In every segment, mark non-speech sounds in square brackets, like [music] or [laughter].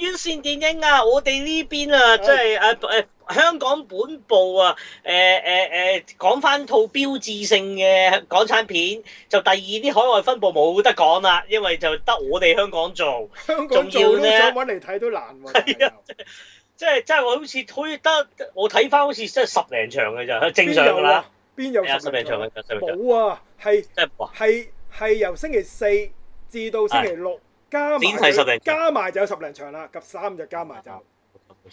院線電影啊，我哋呢邊啊，即係誒誒，香港本部啊，誒誒誒，講翻套標誌性嘅港產片，就第二啲海外分部冇得講啦，因為就得我哋香港做，香港做都想搵嚟睇都難。係啊，即係即係我好似好得我睇翻好似即係十零場嘅咋，正常噶啦。邊有十零場？冇啊，係係係由星期四至到星期六。加埋十零，加埋就有十零場啦，及三日加埋就冇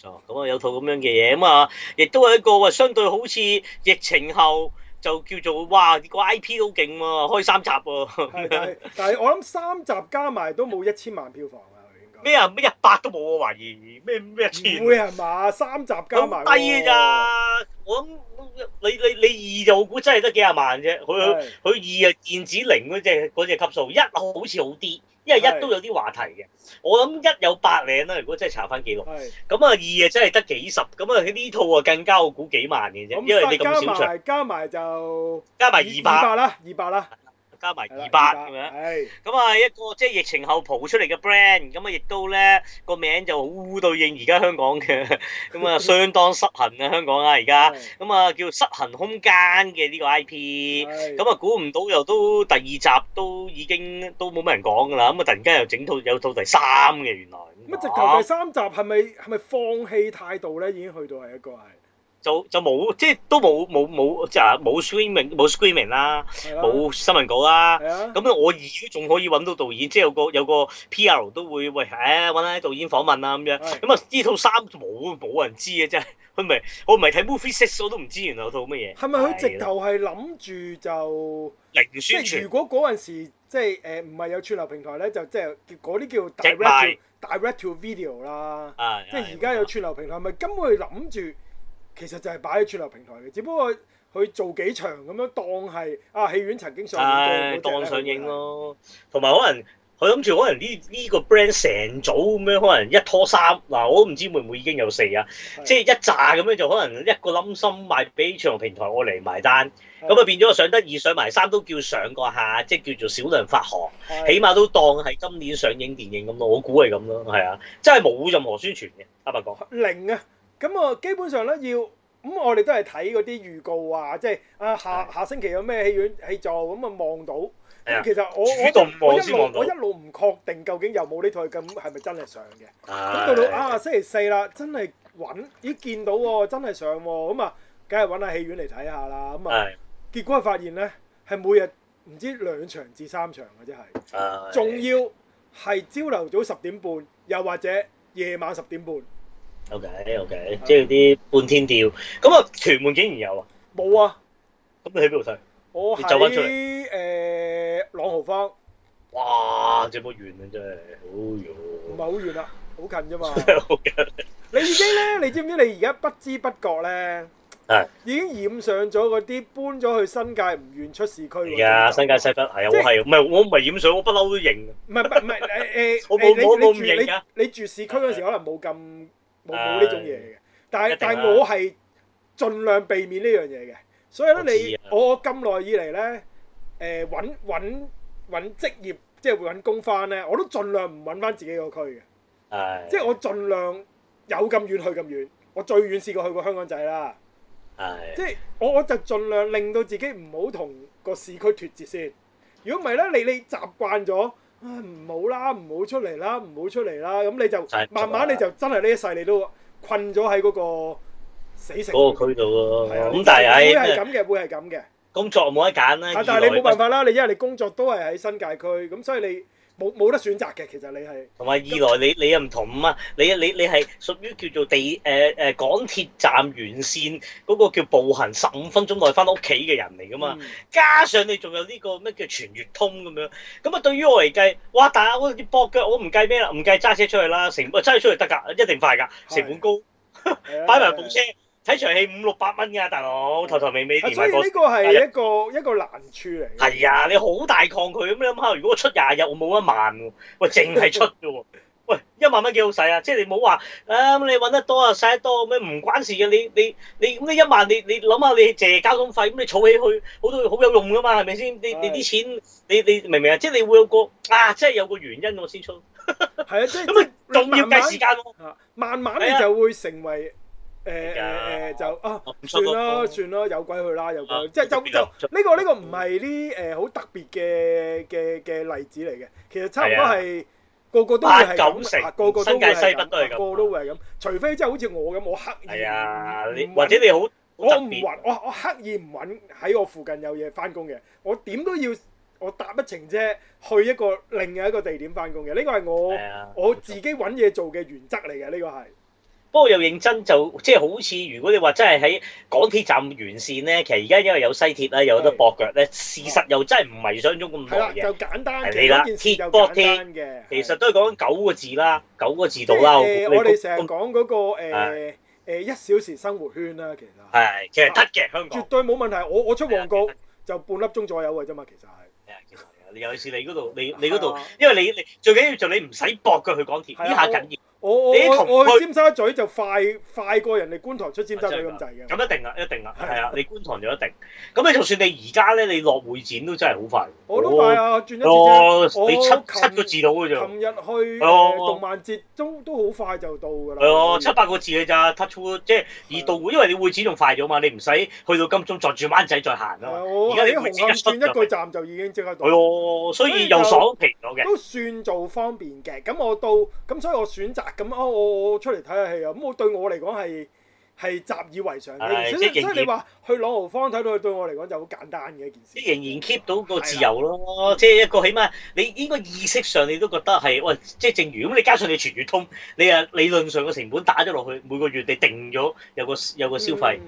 錯冇錯，咁啊有套咁樣嘅嘢啊嘛，亦都係一個話相對好似疫情後就叫做哇、個 I P 好勁喎，開三集喎、啊。但係我諗三集加埋都冇一千萬票房啊，應該咩啊？咩一百都冇啊，懷疑咩咩一千？唔會係嘛？三集加埋低咋？我諗你你你二就我估真係得幾廿萬啫，佢佢佢二啊戰至零嗰隻嗰隻級數，一好似好啲。因為一都有啲話題嘅，我諗一有百零啦，如果真係查翻記錄，咁啊二啊真係得幾十，咁啊呢套啊更加我估幾萬嘅啫，嗯、因為你咁少出，加埋就加埋二百啦，二百啦。加埋二八咁樣，咁啊一個即係、就是、疫情後蒲出嚟嘅 brand，咁啊亦都咧個名就好對應而家香港嘅，咁啊相當失衡啊香港啊，而家的，咁啊叫失衡凶間嘅呢個 IP，咁啊估唔到又都第二集都已經都冇乜人講㗎啦，咁啊突然間又整套有到第三嘅原來。乜麼直頭第三集係咪係咪放棄態度咧？已經去到係一個啊！就就冇，即係都冇冇冇，即係冇 screaming 冇 screaming 啦，冇新聞稿啦。咁我而家仲可以揾到導演，即係有個有個 P.R. 都會喂，誒揾下啲導演訪問啊咁樣。咁啊呢套衫冇冇人知嘅真係，佢唔係我唔係睇 movie six 我都唔知原來套乜嘢。係咪佢直頭係諗住就零宣？即係如果嗰陣時即係誒唔係有串流平台咧，就即係嗰啲叫 direct direct to video 啦。即係而家有串流平台，咪根本諗住。其實就係擺喺串流平台嘅，只不過佢做幾場咁樣，當係啊戲院曾經上映過，當上映咯。同埋是的 可能佢諗住可能呢呢、呢個 brand 成組咁樣，可能一拖三嗱，我唔知會唔會已經有四啊，是的 即係一紮咁樣就可能一個冧心賣俾串流平台我嚟埋單，咁啊是的 變咗上得二上埋三都叫上過下，即係叫做少量發行，是的 起碼都當係今年上映電影咁咯。我估係咁咯，係啊，真係冇任何宣傳嘅，坦白講零啊。啊啊咁啊，基本上咧要咁、嗯，我哋都係睇嗰啲預告啊，即係啊下的下星期有咩戲院戲座咁啊望到。的其實我一路我一路唔確定究竟有冇呢套咁係咪真係上嘅。咁的到到啊星期四啦，真係揾，咦見到喎，真係上喎，咁啊，梗係揾下戲院嚟睇下啦。咁啊的，結果發現咧係每日唔知兩場至三場嘅。啫係。仲的要係朝頭早十點半，又或者夜晚十點半。O K O K，即係啲半天吊，咁啊屯門竟然有啊，冇啊，咁你喺邊度睇？我喺誒朗豪坊，哇，這麼遠啊真係，哎喲，唔係好遠啊，好近啫嘛，好近。你已經咧，你知唔知？你而家不知不覺咧，係已經染上咗嗰啲搬咗去新界唔願出市區。而家新界西北係啊，我係唔係我唔係染上，我不嬲都認。唔係唔係誒誒，我冇我冇唔認噶。你住市區嗰時可能冇咁。冇冇呢種嘢嘅，但係但係我係盡量避免呢樣嘢嘅，所以咧你我我咁耐以嚟咧，誒揾揾揾職業即係會揾工翻咧，我都盡量唔揾翻自己個區嘅，哎、即係我儘量有咁遠去咁遠，我最遠試過去過香港仔啦，哎、即係我我就儘量令到自己唔好同個市區脱節先，如果唔係咧，你你習慣咗。唔好啦，唔好出嚟啦，唔好出嚟啦，咁你就慢慢你就真係呢一世你都困咗喺嗰個死城嗰個區度啊。咁但係會係咁嘅，會係咁嘅。工作冇得揀啦，啊！但係你冇辦法啦，你因為你工作都係喺新界區，咁所以你。冇冇得選擇嘅，其實你係同埋二來你你又唔同啊，你嘛你你係屬於叫做地誒誒、呃、港鐵站沿線嗰個叫步行十五分鐘內翻屋企嘅人嚟噶嘛。嗯、加上你仲有呢個咩叫全月通咁樣，咁啊對於我嚟計，哇！大家嗰啲搏腳，我唔計咩啦，唔計揸車出去啦，成本，揸車出去得㗎，一定快㗎，成的本高，擺埋的 [laughs] 部車。睇場戲五六百蚊噶，大佬頭頭尾尾、啊、所以呢個係一個一個難處嚟。係啊，你好大抗拒咁你諗下，如果我出廿日我冇一萬喎， [laughs] 喂淨係出啫喎，喂一萬蚊幾好使啊！即係你唔好話啊，你搵得多啊，使得多咩？唔關事嘅，你你你咁你一萬你你諗下你借交通費咁你儲起去好多好有用噶嘛，係咪先？你你啲錢你你,你明唔明啊？即係你會有個啊，即係有個原因我先出。係 [laughs] 啊，咁、即係、 [laughs] 啊，仲要計時間喎。慢慢你就會成為。誒誒誒就啊，算啦算啦，有鬼去啦有鬼，即係就就呢個，呢個唔係，啲誒好特別嘅嘅嘅例子嚟嘅，其實差唔多係，個個都會，係咁成，個個都會，係新界西北都係咁，個個都會係咁，除非即係好似我咁，我刻意或者你好，我唔揾，我我刻意唔揾喺我附近有嘢翻工嘅，我點都要我搭一程車去一個另一個地點翻工嘅，呢個係我我自己揾嘢做嘅原則嚟嘅，呢個係。不過又認真就即係好似如果你話真係喺港鐵站完善咧，其實而家因為有西鐵啊，有得駁腳咧，事實又真係唔係想像中咁多嘅。就簡單嘅一件事又簡單嘅，其實都係講緊九個字啦，九個字度啦。我哋成日講嗰個誒一小時生活圈啦，其實係其實得嘅香港，絕對冇問題。我我出旺角就半粒鐘左右嘅啫嘛，其實係。尤其是你嗰度，你你嗰度，因為你你最緊要就你唔使駁腳去港鐵，呢下緊要。你同我去尖沙咀就快快過人哋觀塘出尖沙咀咁滯嘅，咁一定啦，一定啦，係啊，你觀塘就一定。咁你就算你而家咧，你落匯展都真係好快。我都快啊，轉一轉啫，七七個字到嘅咋。琴日去誒動漫節都都好快就到㗎啦。哦，七八個字嘅咋，touchwood 即係而到，因為你匯展仲快咗嘛，你唔使去到金鐘再轉灣仔再行啊嘛。而家你匯展一轉一個站就已經即刻到。哦，所以又爽皮咗嘅。都算做方便嘅，咁我到咁所以我選擇。咁啊，我我出嚟睇下戲啊！咁我對我嚟講係係習以為常。嗯、即係是你話去朗豪坊睇到，佢對我嚟講就好簡單嘅一件事。仍然 keep 到個自由咯，了即係一個起碼你應該意識上你都覺得係喂，即係正如咁。你加上你全月通，你啊理論上個成本打咗落去，每個月你定咗有個有個消費，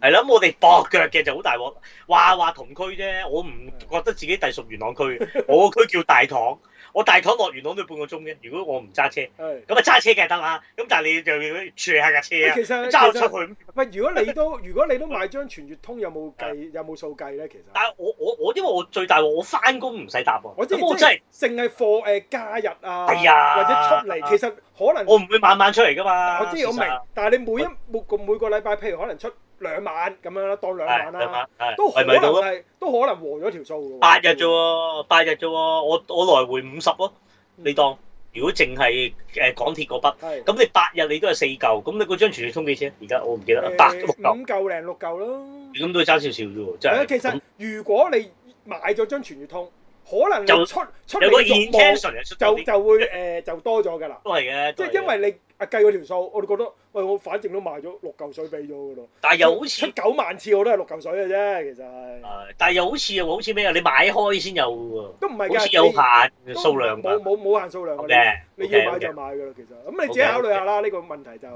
係啦、嗯。咁、嗯、我哋駁腳嘅就好大鑊，話話同區啫。我唔覺得自己隸屬元朗區，我個區叫大棠。我大堂落完堂都半個鐘嘅，如果我唔揸車，咁啊揸車嘅得啦。咁但係你就處理下架車啊，揸出去。喂，如果你都如果你都買張全月通，有冇計有冇數計咧？其實，但係我我我因為我最大喎，我返工唔使搭喎。我即係即係淨係 for 假日啊，或者出嚟，其實可能我唔會晚晚出嚟㗎嘛。我知我明，但係你每一每個每個禮拜，譬如可能出。兩萬咁樣啦，當兩萬啦，兩萬都可能係的都可能和咗條數喎。八日啫喎，八日啫喎，我我來回五十喎。嗯、你當，如果淨係誒港鐵嗰筆，咁的你八日你都係四嚿，咁你嗰張全月通幾錢？而家我唔記得啦，百、欸、五嚿零六嚿咯。咁都爭少少啫喎，真係。其實樣如果你買咗張全月通。可能就出出嚟六就就會誒就多咗㗎啦。都係嘅，即係因為你啊計嗰條數，我哋覺得喂，我反正都買咗六嚿水俾咗㗎咯。但係又好似出九萬次，我都係六嚿水嘅啫，其實係。但係又好似好似咩啊？你買開先有喎。都唔係嘅，有限數量，冇冇冇限數量嘅。你要買就買㗎啦，其實。咁你自己考慮下啦，呢個問題就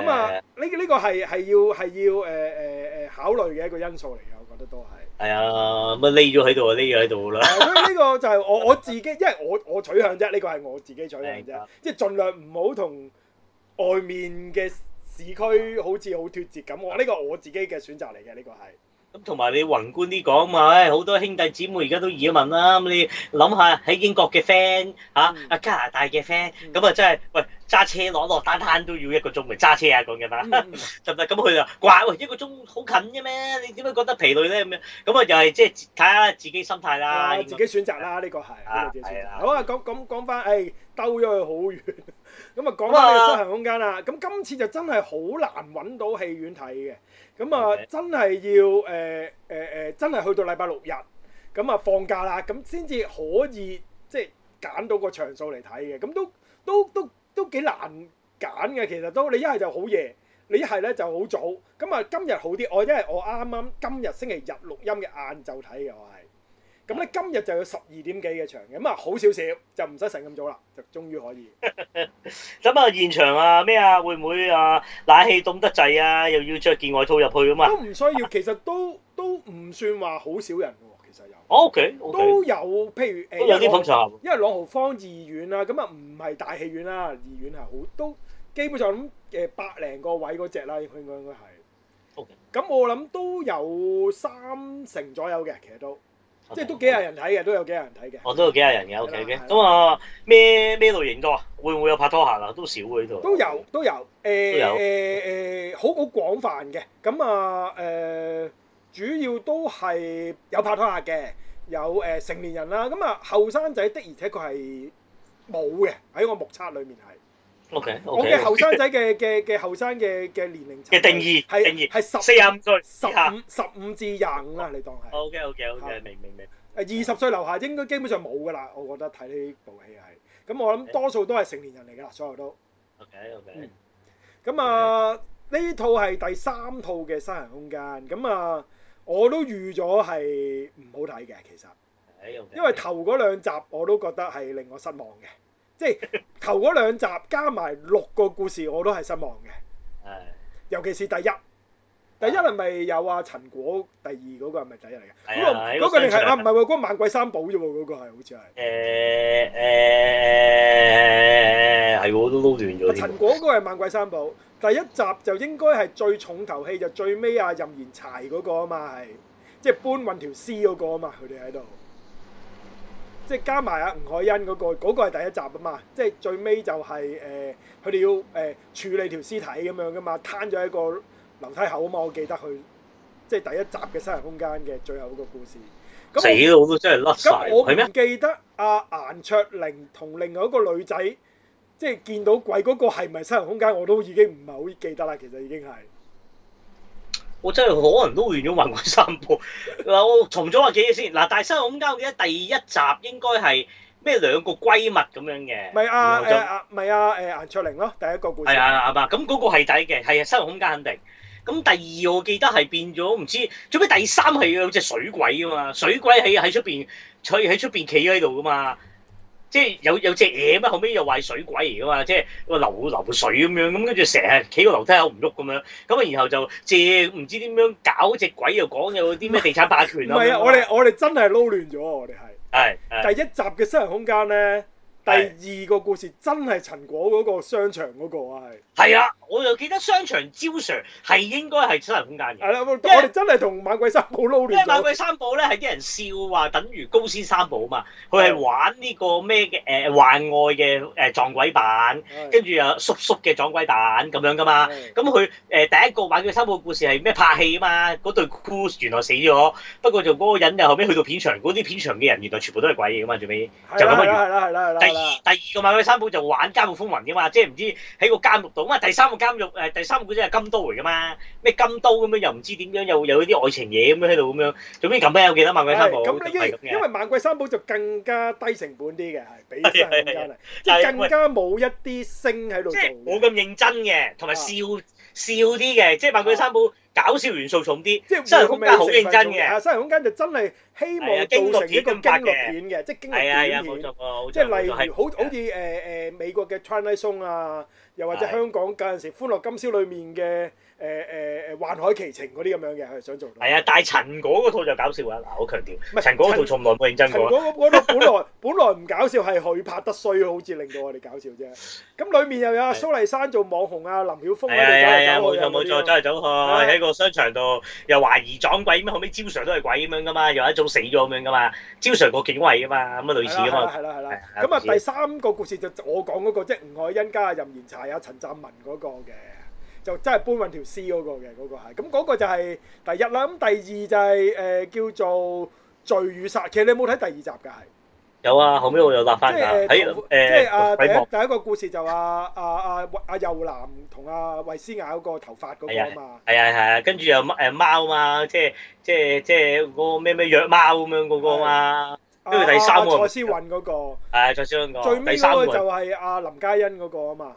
咁啊？呢呢個係係要係要誒誒誒考慮嘅一個因素嚟嘅，我覺得都係。係啊，乜匿咗喺度啊？匿咗喺度啦！咁呢 [laughs] 個就係我我自己，因為我我取向啫。呢個係我自己取向啫，即係盡量唔好同外面嘅市區好似好脫節咁。我呢個我自己嘅選擇嚟嘅，呢個係。咁同埋你宏觀啲講嘛，唉、哎，好多兄弟姊妹而家都移民啦。咁你諗下喺英國嘅 friend 嚇、啊，阿加拿大嘅 friend，咁啊真係喂揸車攞落單攤都要一個鐘咪揸車啊，講緊啦，得唔得？咁佢就怪喂一個鐘好近嘅咩？你點解覺得疲累咧？咁樣咁啊，就係即係睇下自己心態啦，啊、該自己選擇啦，呢、這個係。自己自己啊，係啦。好啊，咁講講翻，唉，兜咗去好遠。咁啊，講到呢個失衡空間啦。咁今次就真係好難揾到戲院睇嘅。咁啊、呃呃，真係要誒誒誒，真係去到禮拜六日咁啊放假啦，咁先至可以即係揀到個場數嚟睇嘅。咁都都都都幾難揀嘅。其實都，你一係就好夜，你一係咧就好早。咁啊，今日好啲。我因為我啱啱今日星期日錄音嘅晏晝睇嘅話。咁咧，今日就有十二點幾嘅場，咁啊好少少，就唔使醒咁早啦，就終於可以。咁啊，現場啊咩啊，會唔會啊冷氣凍得滯啊？又要著件外套入去啊嘛？都唔需要，其實都都唔算話好少人嘅喎，其實有。哦，OK，都有，譬如誒，有啲捧場，因為朗豪坊二院啦，咁啊唔係大戲院啦，二院係好都基本上誒百零個位嗰隻啦，應該應該係。OK。咁我諗都有三成左右嘅，其實都。即係都幾廿人睇嘅，都有幾廿人睇嘅。哦，都有幾廿人嘅，OK 嘅。咁啊，咩咩類型多啊？會唔會有拍拖客啊？都少喎呢度。都有，對都有。誒誒誒，好好廣泛嘅。咁啊誒，主要都係有拍拖客嘅，有誒、呃、成年人啦。咁啊，後生仔的而且確係冇嘅，喺我目測裏面係。Okay, okay, okay. 我嘅後生仔嘅嘅嘅後生嘅嘅年齡嘅 [laughs] 定義，係係十四歲，十五十五至廿五啊，你當係。OK OK OK，明明明，誒二十歲樓下應該基本上冇噶啦，我覺得睇呢部戲係，咁我諗多數都係成年人嚟噶啦，所有都 OK OK、嗯。咁啊，呢 Okay. 套係第三套嘅《生人空間》，咁啊，我都預咗係唔好睇嘅，其實，okay, okay. 因為頭嗰兩集我都覺得係令我失望嘅。即係頭嗰兩集加埋六個故事，我都係失望嘅。係，尤其是第一，第一係咪有啊陳果？第二嗰個係咪第一嚟嘅？係嗰個定係啊？唔係喎，嗰個萬鬼三寶啫喎，嗰個係好似係。誒誒，係我都都亂咗。陳果嗰個係萬鬼三寶，第一集就應該係最重頭戲，就最尾啊任賢齊嗰個啊嘛，係即係搬運條屍嗰個啊嘛，佢哋喺度。即係加埋阿吳海欣嗰個，嗰個係第一集啊嘛！即係最尾就係誒，佢哋要誒處理條屍體咁樣噶嘛，攤咗喺個樓梯口啊嘛！我記得佢即係第一集嘅《私人空間》嘅最後一個故事。咁，死到我都真係甩晒，係咩？記得阿顏卓玲同另外一個女仔，嗎即係見到鬼嗰個係咪《私人空間》？我都已經唔係好記得啦，其實已經係。我真係可能都完咗《雲貴三部》，嗱我從咗話幾嘢先，嗱《大西洋空間》我記得第一集應該係咩兩個閨蜜咁樣嘅、啊，咪阿誒阿咪阿誒顏卓靈咯，第一個故事係啊阿嘛，咁嗰個係第一嘅，係啊《大、啊、西、啊啊、空間》肯定，咁第二我記得係變咗唔知，最尾第三係有隻水鬼啊嘛，水鬼喺喺出邊，在喺出邊企喺度噶嘛。即係有有隻嘢咩？後尾又話水鬼嚟噶嘛？即係流流水咁樣咁，跟住成日企個樓梯口唔喐咁樣咁啊！然後就借唔知點咁樣搞隻鬼又講有啲咩地產霸權啊！唔係啊！我哋我哋真係撈亂咗，我哋係係第一集嘅《私人空間》咧。第二個故事真係陳果嗰個商場嗰個啊，係係啊，我又記得商場朝 Sir 係應該係私人空間嘅，因為我哋真係同萬鬼三寶撈亂，因為萬鬼三寶咧係啲人笑話，等於高先三寶嘛，佢係玩呢個咩嘅誒幻愛嘅誒撞鬼版，跟住又叔叔嘅撞鬼版咁樣噶嘛，咁佢誒第一個萬鬼三寶故事係咩拍戲啊嘛，嗰對 couple 原來死咗，不過就嗰個人又後尾去到片場，嗰啲片場嘅人原來全部都係鬼嚟噶嘛，最尾就咁啊，係啦係啦係啦。第二個萬貴三寶就玩監獄風雲嘅嘛，即係唔知喺個監獄度。咁啊第三個監獄誒第三個古仔係金刀嚟嘅嘛，咩金刀咁樣又唔知點樣又有啲愛情嘢咁樣喺度咁樣。做咩？咁排有幾多萬貴三寶咁嘅。咁因為,因為萬貴三寶就更加低成本啲嘅，係比《三生更加冇一啲星喺度做，冇咁認真嘅，同埋笑、啊、笑啲嘅，即係萬貴三寶。啊啊搞笑元素重啲，即係失衡凶間好認真嘅，失衡凶間就真係希望做成一個驚慄片嘅，即係的驚慄片。即係例如好好似誒誒美國嘅《Twilight Zone》啊，又或者香港嗰陣的時《歡樂今宵》裏面嘅。誒誒誒，幻海奇情嗰啲咁樣嘅，係想做。係啊，但係陳果嗰套就搞笑啊！嗱，好強調，陳果嗰套從來冇認真過。陳果嗰嗰套本來本來唔搞笑，係佢拍得衰，好似令到我哋搞笑啫。咁裏面又有蘇麗珊做網紅啊，林曉峰係啊係啊，冇錯冇錯，走嚟走去喺個商場度，又懷疑撞鬼咩？後尾招 Sir 都係鬼咁樣噶嘛，又一早死咗咁樣噶嘛，招 Sir 個警衛啊嘛，咁啊類似啊嘛，係啦係啦。咁啊第三個故事就我講嗰個啫，吳海昕加任賢齊啊，陳湛文嗰個嘅。就真係搬運條屍嗰個嘅嗰個係，咁嗰個就係第一啦。咁第二就係誒叫做罪與殺。其實你有冇睇第二集㗎？係有啊，後尾我有答翻㗎。睇誒，即係啊，第一個故事就阿阿阿阿右男同阿衛詩雅嗰個頭髮嗰個啊嘛。係啊係啊，跟住又誒貓嘛，即係即係即係嗰個咩咩約貓咁樣嗰個啊嘛。跟住第三個蔡思韻嗰個。係蔡思韻個。最尾嗰個就係阿林嘉欣嗰個啊嘛。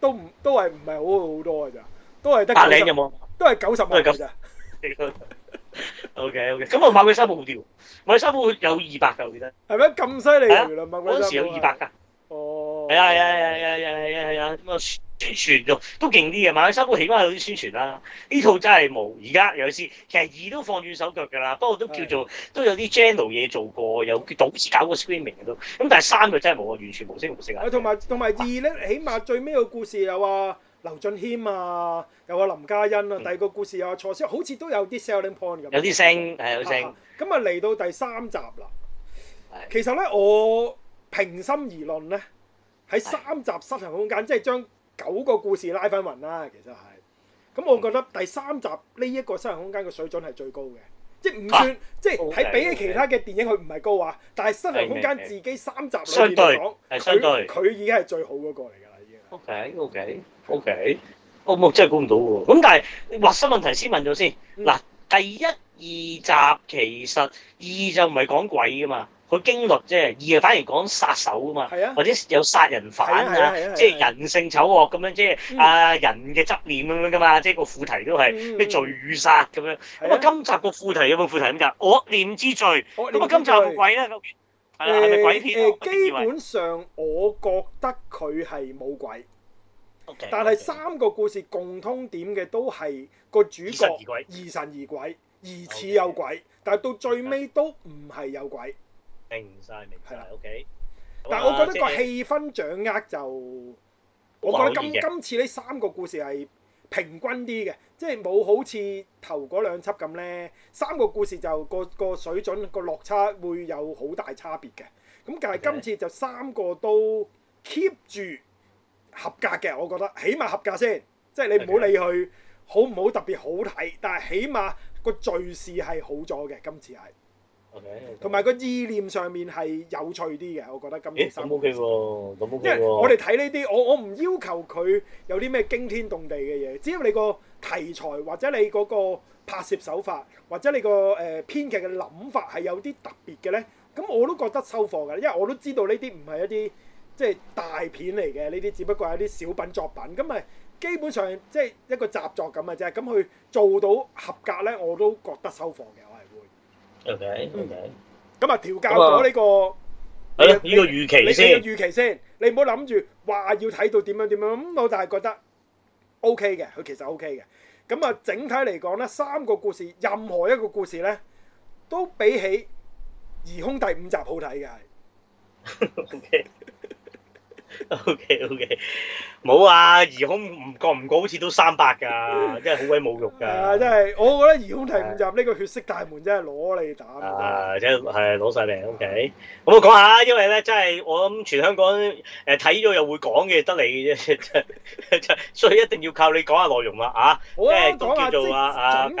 都唔都係唔係好好多嘅咋，都係得百零有冇？都係九十蚊咋。O K O K，咁我買嘅衫好調，買嘅衫會有二百噶，其實。係咩咁犀利啊？嗰時有二百㗎。哦。係啊係啊係啊係啊係啊係啊！咁我。宣傳就都勁啲嘅，萬山高起碼有啲宣傳啦。呢套真係冇，而家有時其實二都放軟手腳噶啦，不過都叫做都有啲 general 嘢做過，又多次搞過 screening 嘅都。咁但係三個真係冇啊，完全無聲無息啊。同埋同埋二咧，起碼最尾個故事又話劉俊謙啊，又話林嘉欣啊，第二個故事又話蔡思，好似都有啲 selling point 咁。有啲聲係有聲。咁啊，嚟到第三集啦。其實咧，我平心而論咧，喺三集失衡凶間，即係將。九個故事拉翻匀啦，其實係咁，我覺得第三集呢一個《失衡凶間》嘅水準係最高嘅，即係唔算，啊、okay, okay. 即係喺比起其他嘅電影，佢唔係高啊，但係《失衡凶間》自己三集裏面嚟講，佢佢已經係最好嗰個嚟噶啦，已經。O K O K O K，我冇真係估唔到喎。咁、嗯、但係核心問題先問咗先，嗱，第一二集其實二就唔係講鬼噶嘛。佢經律即係，二啊反而講殺手嘛是啊嘛，或者有殺人犯是啊，啊啊、即係人性醜惡咁樣，即係、嗯、啊人嘅執念咁樣噶嘛，即係個副題都係咩、嗯、罪與殺咁樣。咁是啊今集個副題有冇副題咁噶？惡念之最。咁啊今集有冇鬼咧？嗰邊、呃？係咪鬼片？基本上我覺得佢係冇鬼。嗯、但係三個故事共通點嘅都係個主角疑神疑鬼，鬼，疑似有鬼，但係到最尾都唔係有鬼。定晒明係啦，OK。的但我覺得個氣氛掌握就，嗯、我覺得今今次呢三個故事係平均啲嘅，即係冇好似頭嗰兩輯咁，呢三個故事就個個水準個落差會有好大差別嘅。咁但係今次就三個都 keep 住合格嘅，我覺得起碼合格先。即係你唔的好理佢好唔好特別好睇，但係起碼個敘事係好咗嘅。今次係。同埋個意念上面係有趣啲嘅，我覺得今年三，誒，OK 喎，OK 因為我哋睇呢啲，我我唔要求佢有啲咩驚天動地嘅嘢，只要你個題材或者你嗰個拍攝手法或者你個誒、呃、編劇嘅諗法係有啲特別嘅咧，咁我都覺得收貨嘅。因為我都知道呢啲唔係一啲即係大片嚟嘅，呢啲只不過係一啲小品作品，咁咪基本上即係、就是、一個習作咁嘅啫。咁佢做到合格咧，我都覺得收貨嘅。睇，咁啊調教咗呢個，係呢個預期先，你預期先，你唔好諗住話要睇到點樣點樣咁，我就係覺得 O K 嘅，佢其實 O K 嘅，咁啊整體嚟講咧，三個故事，任何一個故事咧，都比起疑凶第五集好睇嘅。 [laughs] okay. O K O K，冇啊！Okay, okay. À, 疑孔唔割唔割，各各好似都三百㗎，真係好鬼侮辱㗎！啊，真係， [laughs] 啊、真係我覺得疑孔題唔入呢個血色大門真、啊，真係攞你打啊！即係攞晒命 O K。咁、okay uh、我講下因為咧真係我諗全香港誒睇咗又會講嘅得你啫，所以一定要靠你講下內容啦啊！即係講下即係總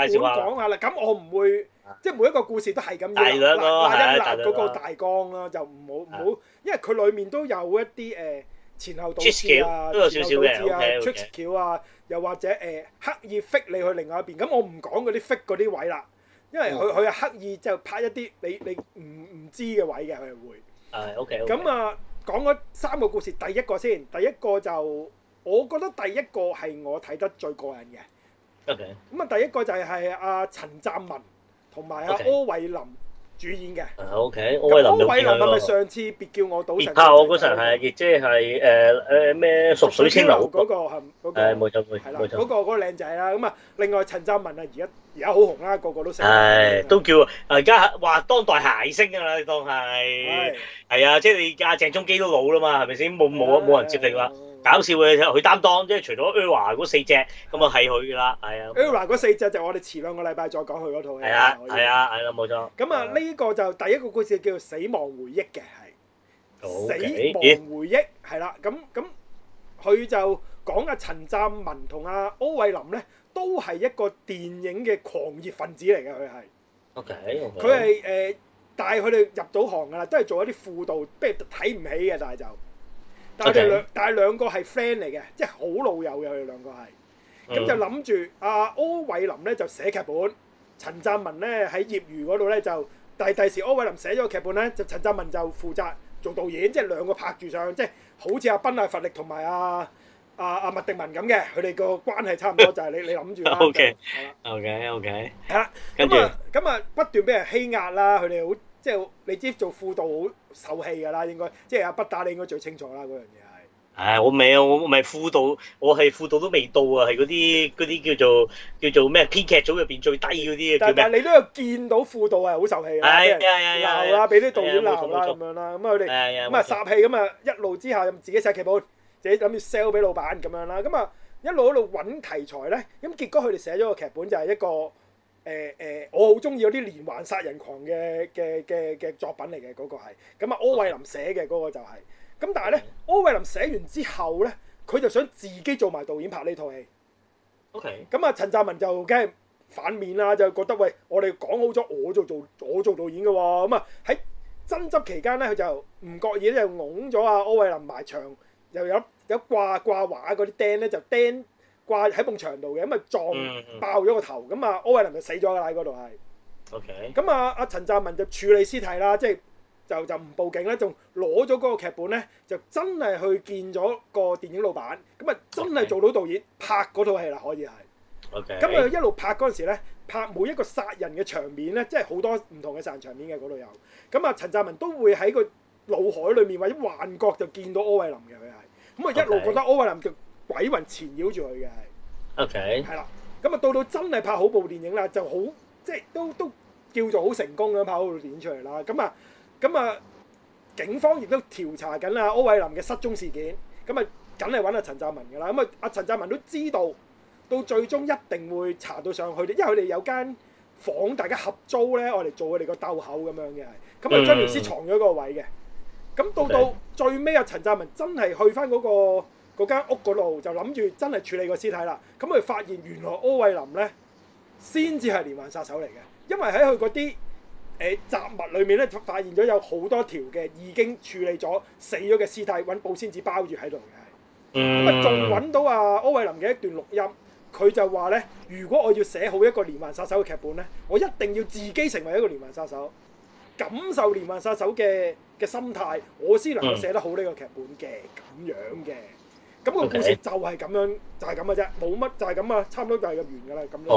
之講下啦。咁我唔會。即係每一個故事都係咁樣，拉拉陰脈嗰個大綱啦，就唔好唔好，因為佢裡面都有一啲誒前後倒置啊，前後倒置啊，出橋啊，又或者誒刻意 f 你去另外一邊。咁我唔講嗰啲 f 嗰啲位啦，因為佢佢係刻意就拍一啲你你唔唔知嘅位嘅，佢會。誒，OK。咁啊，講咗三個故事，第一個先，第一個就我覺得第一個係我睇得最過癮嘅。OK。咁啊，第一個就係阿陳湛文。同埋阿柯偉林主演嘅，OK，柯偉這樣 林都柯偉林係咪上次別叫我賭神？別我嗰陣係，亦即係誒誒咩，呃呃、熟水青樓嗰個係，冇錯冇錯，嗰了錯、那個嗰靚仔啦。咁、那、啊、個那個，另外陳湛文啊，而家而家好紅啦，個個都識。係都叫啊，而家話當代諧星㗎啦，你當係係啊，即係的、就是、你家鄭中基都老啦嘛，係咪先？冇冇冇人接替啦。搞笑嘅佢擔當，即係除咗 Ella 嗰四隻，咁啊係佢噶啦，係啊。Ella 嗰四隻就我哋前兩個禮拜再講佢嗰套戲。係啊的，係啊以，係啦，冇錯所的。咁啊，呢、這個就第一個故事叫做死《的死亡回憶》嘅咦，係。死亡回憶係啦，咁咁佢就講陳阿陳湛文同阿歐偉林咧，都係一個電影嘅狂熱分子嚟嘅，佢係。O K 的。佢係誒，但係佢哋入到行噶啦，都係做一啲輔導，不如睇唔起嘅，但係就。嗯、但係兩，Okay. 但係兩個係 friend 嚟嘅，即係好老友嘅。佢哋兩個係，咁就諗住阿柯偉林咧就寫劇本，陳湛文咧喺業餘嗰度咧就，但係第時柯偉林寫咗個劇本咧，就陳湛文就負責做導演，即係兩個拍住上，即係好似阿賓啊、佛力同埋阿阿阿麥迪文咁嘅，佢哋個關係差唔多， [laughs] [laughs] 就係你你諗住啦。O K，O K，O K，係啦，跟住咁啊，不斷俾人欺壓啦，佢哋好。即係你知做輔導好受氣㗎啦，應該即係阿不打，你應該最清楚啦嗰樣嘢係。唉，我未啊，我唔係輔導，我係輔導都未到啊，係嗰啲啲叫做叫做咩編劇組入邊最低嗰啲。但係你都有見到輔導係好受氣啊，即係鬧啦，俾啲導演鬧啦咁樣啦，咁啊佢哋咁啊殺氣咁啊一路之下自己寫劇本，自己諗住 sell 俾老闆咁樣啦，咁啊一路一路揾題材咧，咁結果佢哋寫咗個劇本就係一個。誒誒、欸欸，我好中意嗰啲連環殺人狂嘅嘅嘅嘅作品嚟嘅，嗰、那個係咁啊，柯煒林寫嘅嗰個就係、是、咁，但係咧，Okay. 柯煒林寫完之後咧，佢就想自己做埋導演拍呢套戲。OK，咁啊，陳湛文就梗係反面啦，就覺得喂，我哋講好咗，我做做我做導演嘅喎，咁啊喺爭執期間咧，佢就唔覺意咧就㧬咗阿柯煒林埋牆，又有有掛掛畫嗰啲釘咧就釘。掛喺埲牆度嘅，咁啊撞爆咗個頭，咁啊、嗯嗯、柯偉林就死咗啦，嗰度係。OK。咁啊，阿陳湛文就處理屍體啦，即係就、就唔報警咧，仲攞咗嗰個劇本咧，就真係去見咗個電影老闆，咁啊 Okay. 真係做到導演拍嗰套戲啦，可以係。OK。咁啊一路拍嗰陣時咧，拍每一個殺人嘅場面咧，即係好多唔同嘅殺人場面嘅嗰度有。咁啊陳湛文都會喺個腦海裡面或者幻覺就見到柯偉林嘅佢係，咁啊一路覺得柯偉林就。Okay. 鬼魂纏繞住佢嘅，OK，係啦，咁啊，到到真係拍好部電影啦，就好，即係都都叫做好成功咁拍好部電影出嚟啦，咁啊，咁啊，警方亦都調查緊啦，柯偉林嘅失蹤事件，咁啊梗係揾阿陳湛文嘅啦，咁啊阿陳湛文都知道，到最終一定會查到上去，因為佢哋有間房大家合租咧，我哋做佢哋個竇口咁樣嘅，咁啊張律師藏咗個位嘅，咁到到 Okay. 最尾啊，陳湛文真係去翻嗰、那個。嗰間屋嗰度就諗住真係處理個屍體啦，咁佢發現原來歐偉林咧先至係連環殺手嚟嘅，因為喺佢嗰啲誒雜物裏面咧，發現咗有好多條嘅已經處理咗死咗嘅屍體，揾報紙包住喺度嘅。咁啊，仲揾到阿歐偉林嘅一段錄音，佢就話咧：如果我要寫好一個連環殺手嘅劇本咧，我一定要自己成為一個連環殺手，感受連環殺手嘅嘅心態，我先能夠寫得好呢個劇本嘅咁樣嘅。咁個 Okay. 故事就係咁樣，就係咁嘅啫，冇乜就係咁啊，差唔多就係咁完噶啦，咁樣。哦、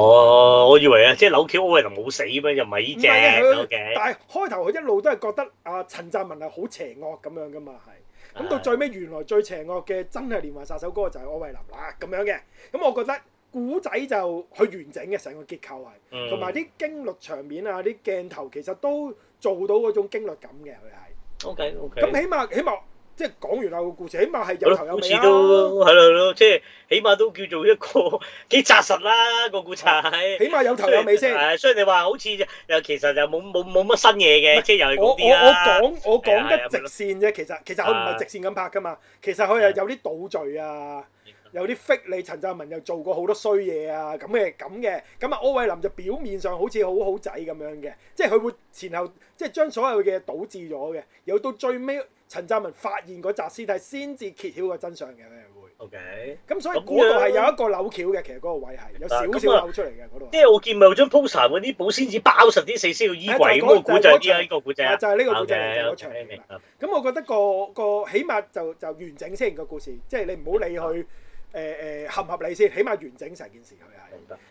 oh,，我以為啊，即係柳橋柯偉林冇死咩？又唔係呢隻。唔係佢。但係開頭佢一路都係覺得啊，陳振文係好邪惡咁樣噶嘛，係。咁到最尾原來最邪惡嘅真係連環殺手哥就係柯偉林啊，咁樣嘅。咁我覺得古仔就佢完整嘅成個結構係，同埋啲驚慄場面啊，啲鏡頭其實都做到嗰種驚慄感嘅，佢係。O K O K。咁起碼起碼。起碼即係講完啦個故事，起碼係有頭有尾啦、啊。好似都係咯，即係起碼都叫做一個幾紮實啦個故仔、啊。起碼有頭有尾先、啊。係，雖然你話好似又其實就冇冇冇乜新嘢嘅，即係又係嗰啲啦。我我講我講得直線啫，其實其實佢唔係直線咁拍噶嘛。其實佢又有啲倒序啊，有啲 f 你陳澤文又做過好多衰嘢啊，咁嘅咁嘅。咁啊柯偉林就表面上好似好好仔咁樣嘅，即係佢會前後即係將所有嘅嘢倒置咗嘅，又到最尾。陳湛文發現嗰紮屍體，先至揭曉個真相嘅，有人會。OK，咁、嗯、所以嗰度係有一個扭橋嘅，其實嗰個位係有少少扭出嚟嘅度。即係、啊啊、我見咪有張 poster，嗰啲保鮮紙包實啲死屍嘅衣櫃咁嘅古仔，依家呢個古仔啊，就係呢個古仔嗰場。咁、okay, okay , okay. 我覺得個個起碼就就完整先個故事，即係你唔好理去誒誒合唔合理先，起碼完整成件事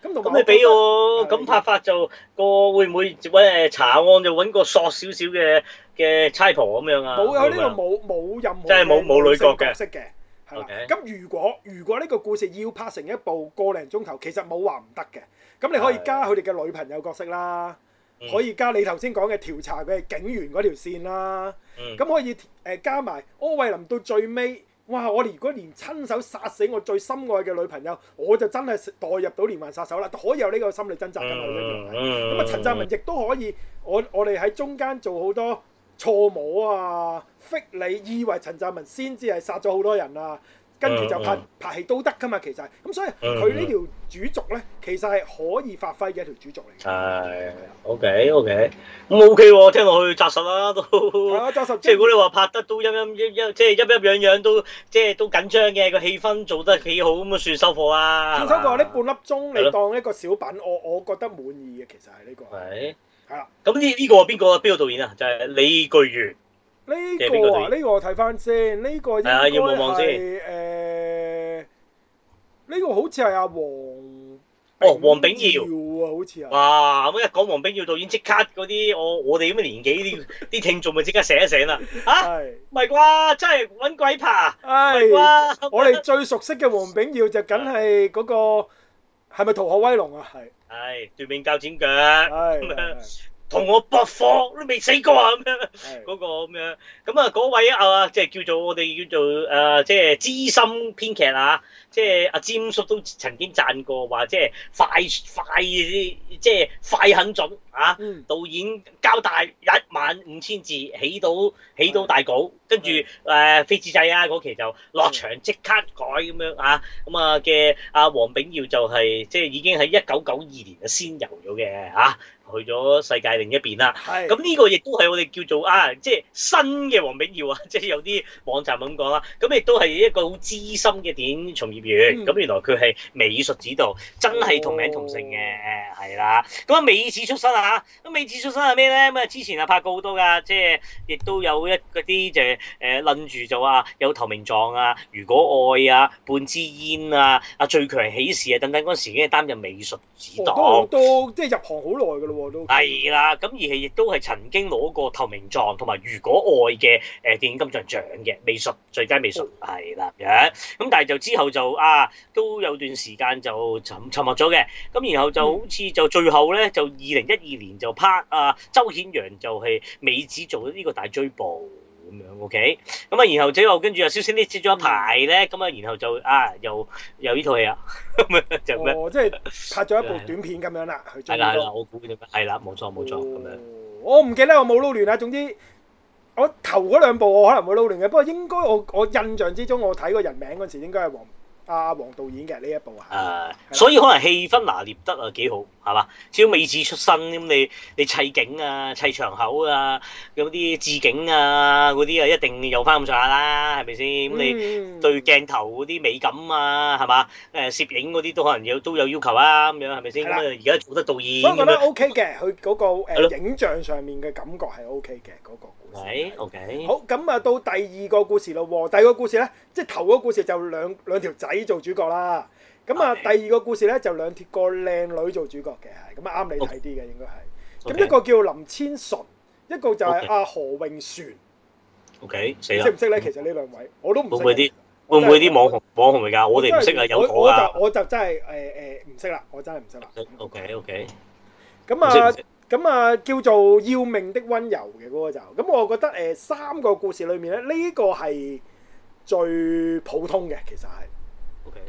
咁你俾我咁拍法，就個會唔會揾，誒，查案就揾個索少少嘅嘅差婆咁樣啊？冇，有呢個冇冇任何即係冇冇女角嘅，係啦。咁如果如果呢個故事要拍成一部個零鐘頭，其實冇話唔得嘅。咁你可以加佢哋嘅女朋友角色啦，可以加你頭先講嘅調查嘅警員嗰條線啦。咁可以誒加埋柯煒林到最尾。哇！我哋如果連親手殺死我最深愛嘅女朋友，我就真係代入到連環殺手啦，可以有呢個心理掙扎㗎嘛？一樣嘅。咁啊、嗯，嗯、陳澤文亦都可以，我我哋喺中間做好多錯模啊，逼你以為陳澤文先至係殺咗好多人啊。跟住就拍拍戲都得噶嘛，其實咁所以佢呢條主軸咧，其實係可以發揮嘅一條主軸嚟嘅。係，OK OK，咁 OK 喎，聽落去紮實啦都。係啊，紮實。即係如果你話拍得都陰陰即係一一樣樣都即係都緊張嘅個氣氛做得幾好，咁啊算收貨啊。收貨，呢半粒鐘你當一個小品，我我覺得滿意嘅，其實係呢個。係。係啦。咁呢呢個邊個邊個導演啊？就係李巨源。呢個啊，呢個我睇翻先，呢個應該係誒呢個好似係阿黃哦，黃炳耀啊，好似啊。哇咁一講黃炳耀導演，即刻嗰啲我我哋咁嘅年紀啲啲聽眾咪即刻醒一醒啦嚇，唔係啩，真係揾鬼爬，唔係啩，我哋最熟悉嘅黃炳耀就梗係嗰個係咪《逃學威龍》啊？係係奪命鉸剪腳，係。同我搏火都未死過啊！咁樣嗰個咁樣咁啊，嗰、那個那個、位啊、呃，即係叫做我哋叫做誒、呃，即係資深編劇啊！即係阿詹叔都曾經讚過話，即係快快，即係快狠準啊！導演交代一萬五千字，起到起到大稿，跟住誒飛紙仔啊，嗰期就落場即刻改咁樣啊！咁啊嘅阿黃炳耀就係、是、即係已經喺一九九二年就先遊咗嘅嚇。啊去咗世界另一邊啦，咁呢個亦都係我哋叫做啊，即係新嘅黃炳耀啊，即係有啲網站咁講啦，咁亦都係一個好資深嘅電影從業員，咁原來佢係美術指導，真係同名同姓嘅，係啦，咁啊美指出身啊，咁美指出身係咩咧？咁啊之前啊拍過好多㗎，即係亦都有一嗰啲就誒諗住就話有投名狀啊，如果愛啊，半支煙啊，啊最強喜事啊等等嗰陣時已經係擔任美術指導，好多都即係入行好耐㗎咯。係啦，咁而係亦都係曾經攞過投名狀同埋《如果愛》嘅誒電影金像獎嘅美術最佳美術，係啦，樣。咁但係就之後就啊，都有段時間就沉沉默咗嘅。咁然後就好似就最後咧，就二零一二年就拍啊，周顯揚就係美指做咗呢個大追捕。咁樣，OK，咁啊，然後最後跟住又消失匿迹咗一排咧，咁啊、嗯，然後就啊，又又呢套戲啊， [laughs] 就咩、哦？即係拍咗一部短片咁樣啦，係啦係啦，我估嘅啫，係啦，冇錯冇錯咁、哦、樣。我唔記得我冇撈亂啦，總之我頭嗰兩部我可能會撈亂嘅，不過應該我我，我印象之中我睇個人名嗰陣時，應該係黃阿阿黃導演嘅呢一部啊。誒，嗯、所以可能氣氛拿捏得啊幾好。係嘛？只要美指出身咁，你你砌景啊、砌場口啊，有啲置景啊嗰啲啊，一定有返咁上下啦，係咪先？咁、嗯、你對鏡頭嗰啲美感啊，係嘛？誒，攝影嗰啲都可能有都有要求啊，咁樣係咪先？咁啊的，而家做得到意演咁的、OK、樣 OK 嘅，佢嗰、那個、呃、的影像上面嘅感覺係 OK 嘅嗰、那個故事。OK。好，咁啊，到第二個故事咯。第二個故事咧，即係頭嗰故事就兩兩條仔做主角啦。咁啊，第二個故事咧就兩貼個靚女做主角嘅。咁啊啱你睇啲嘅應該係。咁一個叫林千純，一個就係阿何永璇。O K，識唔識咧？其實呢兩位我都唔。會唔會啲？會唔會啲網紅網紅嚟噶？我哋唔識啊，有我我就我就真係誒誒唔識啦，我真係唔識啦。O K O K。咁啊咁啊，叫做要命的溫柔嘅嗰個就，咁我覺得誒三個故事裏面咧呢個係最普通嘅，其實係。O K。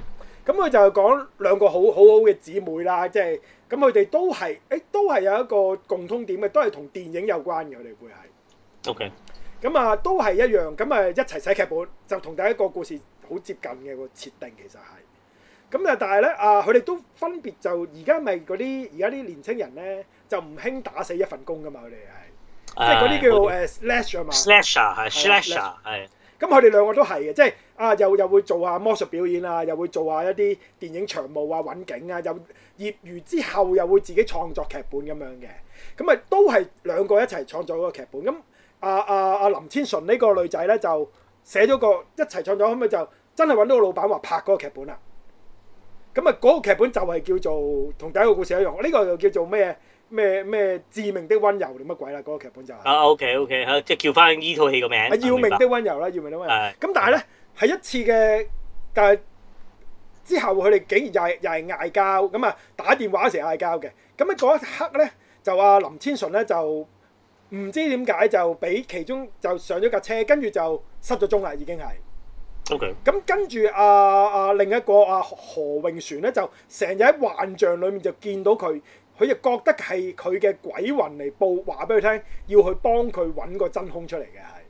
咁佢就係講兩個好好好嘅姊妹啦，即係咁佢哋都係，誒都係有一個共通點嘅，都係同電影有關嘅。佢哋會係，OK。咁啊，都係一樣，咁啊一齊寫劇本，就同第一個故事好接近嘅個設定其實係。咁啊，但係咧，啊佢哋都分別就而家咪嗰啲而家啲年青人咧，就唔興打死一份工噶嘛，佢哋係，即係嗰啲叫誒 slash 嘛，slash 係 slash 係。咁佢哋兩個都係嘅，即係。啊！又又會做下魔術表演啊，又會做下一啲電影場務啊、揾景啊。有業餘之後，又會自己創作劇本咁樣嘅。咁啊，都係兩個一齊創作嗰個劇本。咁阿阿阿林千順呢個女仔咧，就寫咗個一齊創作，後屘就真係揾到個老闆話拍嗰個劇本啦。咁啊，嗰個劇本就係叫做同第一個故事一樣。呢個又叫做咩咩咩致命的溫柔定乜鬼啦？嗰個劇本就啊 OK OK，即係叫翻呢套戲個名。要命的溫柔啦，要命的溫柔。係。咁但係咧。喺一次嘅但係之後，佢哋竟然又係又係嗌交咁啊！打電話一時嗌交嘅咁，喺嗰一刻咧，就阿林千順咧就唔知點解就俾其中就上咗架車，跟住就失咗蹤啦，已經係。O K。咁跟住啊，阿、啊、另一個啊何永璇咧，就成日喺幻象裏面就見到佢，佢就覺得係佢嘅鬼魂嚟報話俾佢聽，要去幫佢揾個真兇出嚟嘅。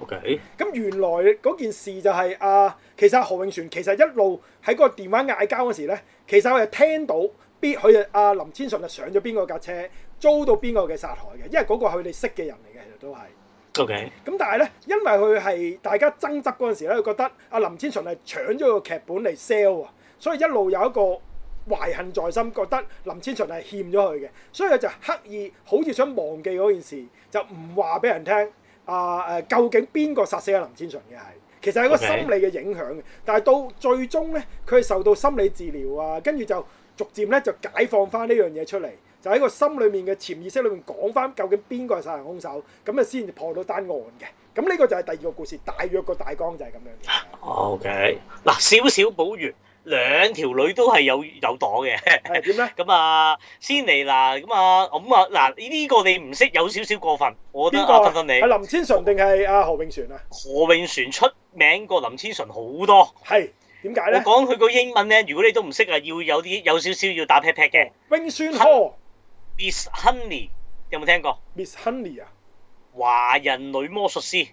O K，咁原來嗰件事就係、是、啊，其實何永全其實一路喺嗰個電話嗌交嗰時咧，其實我係聽到，必佢啊林千順啊上咗邊個架車，遭到邊個嘅殺害嘅，因為嗰個佢哋識嘅人嚟嘅，其實都係 O K。咁 Okay. 但係咧，因為佢係大家爭執嗰陣時咧，佢覺得阿林千順係搶咗個劇本嚟 sell 啊，所以一路有一個懷恨在心，覺得林千順係欠咗佢嘅，所以佢就刻意好似想忘記嗰件事，就唔話俾人聽。啊誒，究竟邊個殺死阿林千尋嘅係？其實係個心理嘅影響嘅，Okay. 但係到最終咧，佢係受到心理治療啊，跟住就逐漸咧就解放翻呢樣嘢出嚟，就喺個心裏面嘅潛意識裏面講翻究竟邊個係殺人兇手，咁啊先至破到單案嘅。咁呢個就係第二個故事，大約個大綱就係咁樣嘅。OK，嗱，少少補完。兩條女都係有有朵嘅，點咧？咁啊，先嚟啦，咁啊，咁啊，嗱，呢個你唔識有少少過分，我啲阿分分你係林千純定係阿何永璇啊？何永璇出名過林千純好多，係點解咧？我講佢個英文咧，如果你都唔識啊，要有啲有少少要打 pat pat 嘅。Winsun Hall Miss Honey 有冇聽過？Miss Honey 啊，華人女魔術師。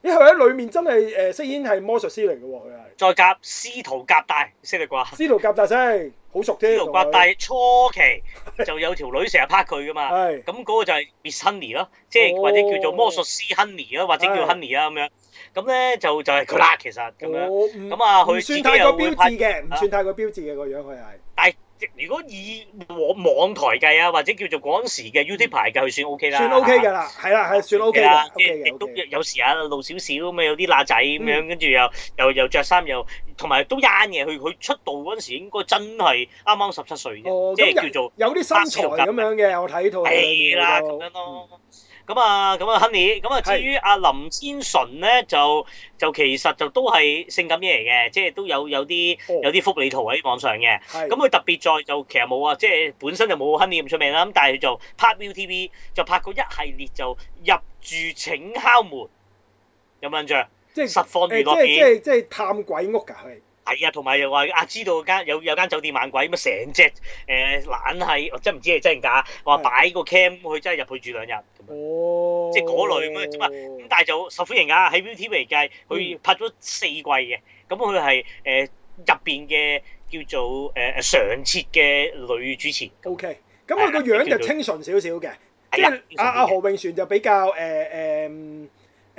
因為喺裏面真係誒，飾演係魔術師嚟嘅喎，佢係。再夾司徒夾帶，識唔識啩？司徒夾大。真係好熟啫，司徒夾大初期就有條女成日拍佢噶嘛，咁嗰個就係 Miss Honey 咯，即係或者叫做魔術師 Honey 咯，或者叫 Honey 啦。咁樣。咁咧就就係佢辣，其實咁樣。我咁啊，佢自己會拍嘅，唔算太過標誌嘅個樣，佢係。係。如果以往網台計啊，或者叫做嗰陣時嘅 YouTube 牌計，佢算 O、OK、K、嗯、吧啦。算 O K 噶啦，係啦、啊，係算 O K 啦。即係亦都有時啊，露少少咁啊，有啲辣仔咁樣，跟住又又又著衫，又同埋都啱嘅。佢佢出道嗰陣時應該真係啱啱十七歲啫，即係叫做有啲身材咁樣嘅。我睇套戲啦，咁樣咯。咁啊，咁啊，Honey，咁啊，oney，至於阿林千順咧，是就就其實就都係性感嘢嚟嘅，即、就、係、是、都有有啲、哦、有啲福利圖喺網上嘅。咁佢是特別在，就其實冇啊，即、就、係、是、本身就冇 Honey 咁出名啦。咁但係佢就拍 ViuTV，就拍過一系列就入住請敲門，有冇印象？即是實況娛樂片，即即即探鬼屋㗎係。係啊，同埋又話啊，知道間有有間酒店猛鬼咁啊，成隻誒、呃、懶係，我真唔知係真定假的。話擺個 cam 佢真係入去住兩日，哦、即係嗰類咁啊。咁但係就十分型啊，喺 ViuTV 嚟計，佢、嗯、拍咗四季嘅。咁佢係誒入邊嘅叫做誒常、呃、設嘅女主持。O K，咁佢個樣，okay、嗯嗯、樣就清純少少嘅，即係阿阿何永璇就比較誒誒。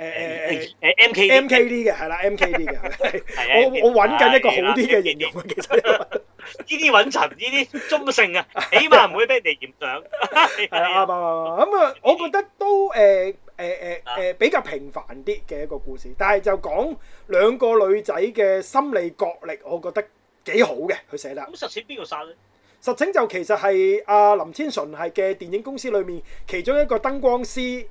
誒誒誒誒 MK 啲嘅係啦，MK 啲嘅、 [laughs] 啊， [laughs] 我我揾緊一個好啲嘅形容嘅詞。呢啲揾陳，呢啲中性啊，起碼唔會俾人嫌上。係、哎、啊，咁、嗯、啊，我覺得都誒誒誒誒比較平凡啲嘅一個故事，但係就講兩個女仔嘅心理角力，我覺得幾好嘅。佢寫得咁，實情邊個殺咧？實情就其實係阿林千純係嘅電影公司裏面其中一個燈光師。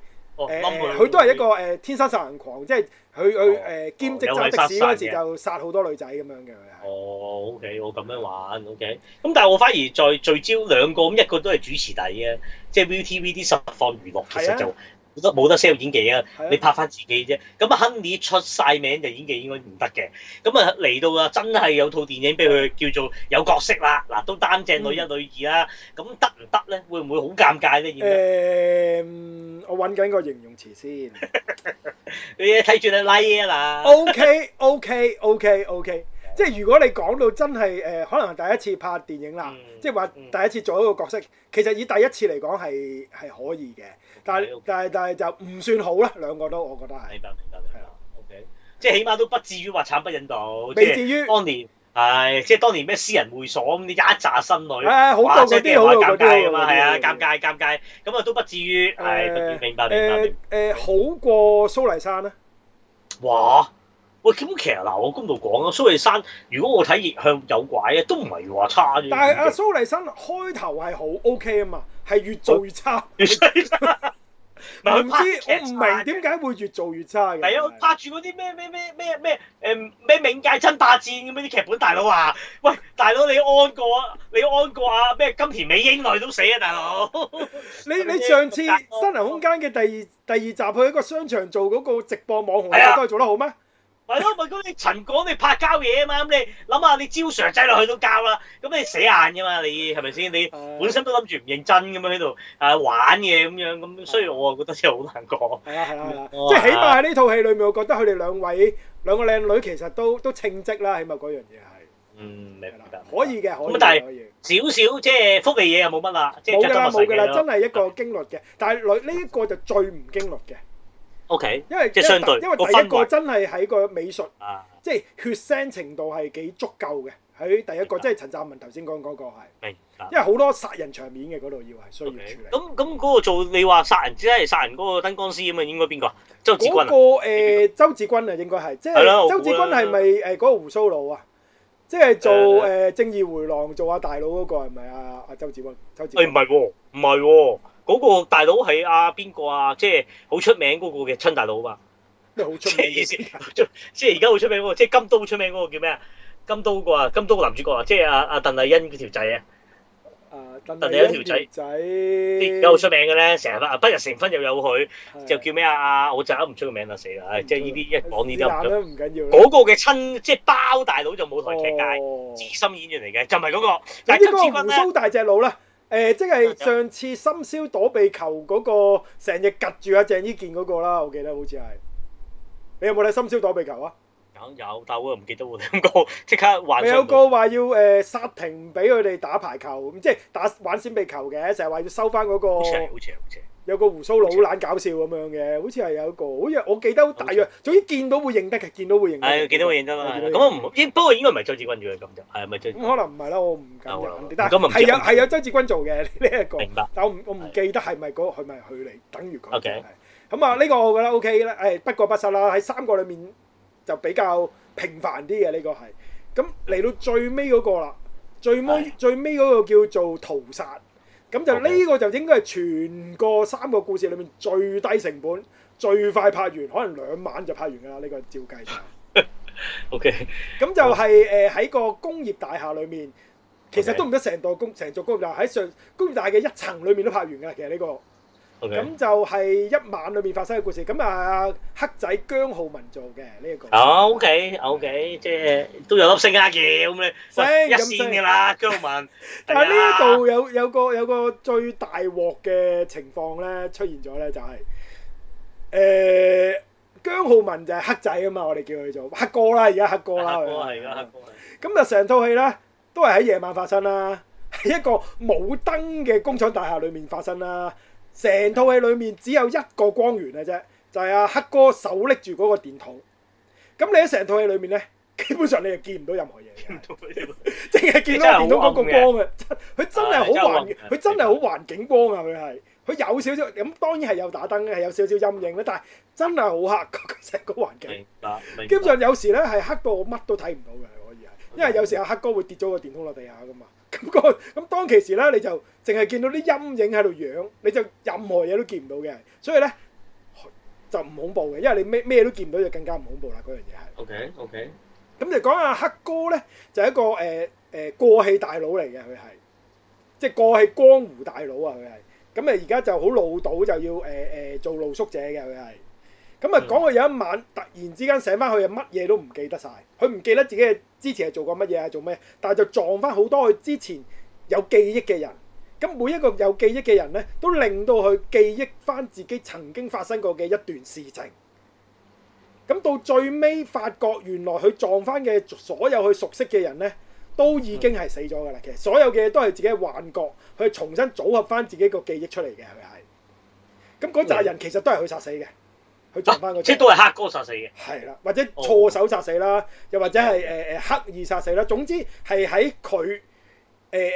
佢都係一個誒、呃、天生殺人狂，即係佢佢誒兼職揸的士嗰時就殺好多女仔咁樣嘅。哦，OK，我咁樣玩，OK。咁但係我反而再聚焦兩個，咁一個都係主持底嘅，即係 ViuTV 啲實況娛樂其實就。冇得冇得 sell 演技啊！的你拍翻自己啫。咁啊，Honey 出晒名就演技應該唔得嘅。咁啊嚟到啊，真係有套電影俾佢的叫做有角色啦。嗱，都擔正女一女二啦。咁得唔得咧？會唔會好尷尬咧？演誒、欸嗯，我揾緊個形容詞先。 [laughs] 你睇住你拉嘢 k e 啊啦。OK OK OK OK。即係如果你講到真係誒，可能第一次拍電影啦，即係話第一次做一個角色，其實以第一次嚟講係係可以嘅，但係但係但係就唔算好啦，兩個都我覺得係。明白明白，係啦，OK，即係起碼都不至於話慘不忍睹，未至於當年係即係當年咩私人會所咁你一紮新女，哇，即係啲好尷尬㗎嘛，係啊，尷尬尷尬，咁啊都不至於係。明白明白。誒誒，好過蘇麗珊啦，哇！喂，咁其實嗱，我公道講咯。蘇麗珊，如果我睇熱向有怪咧，都唔係話差啫。但係阿蘇麗珊開頭係好 O K 啊嘛，係越做越差。唔知我唔明點解會越做越差嘅？係啊，拍住嗰啲咩咩咩咩咩誒咩《冥界爭霸戰》咁樣啲劇本，大佬話：喂，大佬你安過啊？你安過啊？咩金田美英女都死啊！大佬，你你上次《新人空間》嘅第二第二集去一個商場做嗰個直播網紅，你都係做得好咩？係咯，咪嗰你，陳果，你拍交嘢啊嘛，咁你諗下，你朝上仔落去都交啦，咁你死眼噶嘛，你係咪先？你本身都諗住唔認真咁樣喺度啊玩嘢咁樣，咁所以我覺得真係好難講。係啊係啊，即係起碼喺呢套戲裏面，我覺得佢哋兩位兩個靚女其實都都稱職啦，起碼嗰樣嘢係。嗯，明白。可以嘅，咁但係少少即係福利嘢又冇乜啦。冇啦冇啦，真係一個驚慄嘅，但係女呢一個就最唔驚慄嘅。O K，因為即係相對，因為第一個真係喺個美術，即係血腥程度係幾足夠嘅。喺第一個，即係陳澤文頭先講嗰個係，因為好多殺人場面嘅嗰度要係需要處理。咁咁嗰個做你話殺人即係殺人嗰個燈光師咁啊？應該邊個啊？周志君啊？嗰個周志君啊，應該係即係周志君係咪誒嗰個鬍鬚佬啊？即係做誒正義回廊做下大佬嗰個係咪啊？阿周志君？周志誒唔係唔係喎。嗰個大佬係阿邊個啊？即係好出名嗰個嘅親大佬啊？嘛？咩好出名嘅意思？即係而家好出名嗰個，即係金都好出名嗰個叫咩啊？金都個啊，金都個男主角啊，即係阿阿鄧麗欣佢條仔啊。啊，鄧麗欣條仔啲有好出名嘅咧，成日不日成婚又有佢，就叫咩啊？我就啱唔出個名啊？死啦！即係呢啲一講呢啲，唔緊要，嗰個嘅親即係包大佬就舞台劇界，資深演員嚟嘅，就唔係嗰個。有大隻佬啦。誒，即係上次深宵躲避球嗰個成日拮住阿鄭伊健嗰個啦，我記得好似係。你有冇睇深宵躲避球啊？有有，但係我又唔記得喎。咁個即刻幻。有個話要誒，煞停唔俾佢哋打排球，咁即係打玩閃避球嘅，成日話要收翻嗰個。有個鬍鬚佬好懶搞笑咁樣嘅，好似係有一個，好似我記得大約，總之見到會認得嘅，見到會認得。誒，見到會認得啦。咁我唔，不過應該唔係周志軍做嘅咁就，係咪真？咁可能唔係啦，我唔記得但係有係有周志軍做嘅呢一個。明白。但我唔我唔記得係咪嗰個係咪佢嚟，等於講。咁啊，呢個我覺得 O K 啦，誒不過不失啦，喺三個裡面就比較平凡啲嘅呢個係。咁嚟到最尾嗰個啦，最尾最尾嗰個叫做屠殺。咁就呢個就應該係全個三個故事裏面，最低成本、最快拍完，可能兩晚就拍完㗎啦。呢個照計。 [laughs] OK。咁就係誒喺個工業大廈裏面，其實都唔得成棟工、成座工廈，喺工業大廈嘅一層裏面都拍完㗎啦。其實呢個。咁就係一晚裏面發生嘅故事。咁啊，黑仔姜浩文做嘅呢一個。哦，OK，OK，即係都有粒星啊，叫咁你星一線㗎啦，姜浩文。啊，呢一度有有個有個最大鑊嘅情況咧出現咗咧，就係誒姜浩文就係黑仔啊嘛，我哋叫佢做黑哥啦，而家黑哥啦。黑哥係而家黑哥。咁啊，成套戲咧都係喺夜晚發生啦，喺一個冇燈嘅工廠大廈裏面發生啦。成套戲裏面只有一個光源嘅啫，就係、是、阿、啊、黑哥手拎住嗰個電筒。咁你喺成套戲裏面咧，基本上你係見唔到任何嘢嘅，唔到淨係見到個電筒嗰個光嘅。佢真係、啊、好環，佢真係好環境光啊！佢係，佢有少少咁，當然係有打燈，係有少少陰影啦。但係真係好黑，成個環境。基本上有時咧係黑到我乜都睇唔到嘅，可以係。因為有時阿、啊、黑哥會跌咗個電筒落地下噶嘛。咁個咁當其時咧，你就淨係見到啲陰影喺度樣，你就任何嘢都見唔到嘅。所以咧就唔恐怖嘅，因為你咩咩都見唔到，就更加唔恐怖啦。嗰樣嘢係。OK OK。咁就講下黑哥咧，就係一個誒誒過氣大佬嚟嘅佢係，即係過氣江湖大佬啊佢係。咁啊而家就好老到就要誒誒做露宿者嘅佢係。咁啊講佢有一晚突然之間醒翻，佢啊乜嘢都唔記得曬，佢唔記得自己。之前係做過乜嘢啊？做咩？但係就撞翻好多佢之前有記憶嘅人，咁每一個有記憶嘅人咧，都令到佢記憶翻自己曾經發生過嘅一段事情。咁到最尾發覺，原來佢撞翻嘅所有佢熟悉嘅人咧，都已經係死咗㗎啦。其實所有嘅嘢都係自己嘅幻覺，去重新組合翻自己個記憶出嚟嘅，係咪？咁嗰扎人其實都係佢殺死嘅。佢撞翻嗰即都係黑哥殺死嘅，係啦，或者錯手殺死啦，又或者係誒誒刻意殺死啦。總之係喺佢誒誒誒誒誒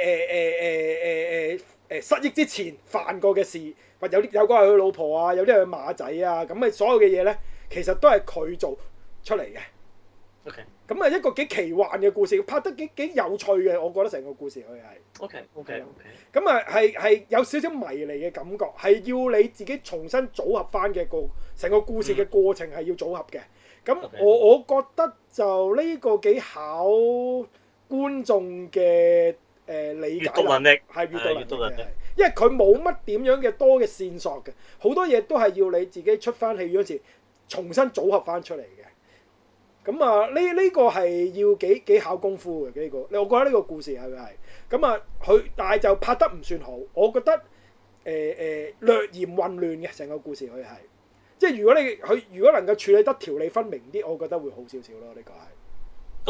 誒誒失憶之前犯過嘅事，或有啲有個係佢老婆啊，有啲係佢馬仔啊，咁嘅所有嘅嘢咧，其實都係佢做出嚟嘅。O K，咁啊一個幾奇幻嘅故事，拍得幾幾有趣嘅，我覺得成個故事佢係 O K O K O K，咁啊係係有少少迷離嘅感覺，係要你自己重新組合翻嘅個。成個故事嘅過程係要組合嘅，咁我我覺得就呢個幾考觀眾嘅誒、呃、理解能力，係閱讀能力。能力，因為佢冇乜點樣嘅多嘅線索嘅，好多嘢都係要你自己出翻戲院嗰時重新組合翻出嚟嘅。咁啊，呢、這、呢個係、這個、要幾幾考功夫嘅呢、這個，我覺得呢個故事係咪係？咁啊，佢但係就拍得唔算好，我覺得誒誒、呃呃、略嫌混亂嘅成個故事佢係。即係如果你佢如果能夠處理得條理分明啲，我覺得會好少少咯。呢個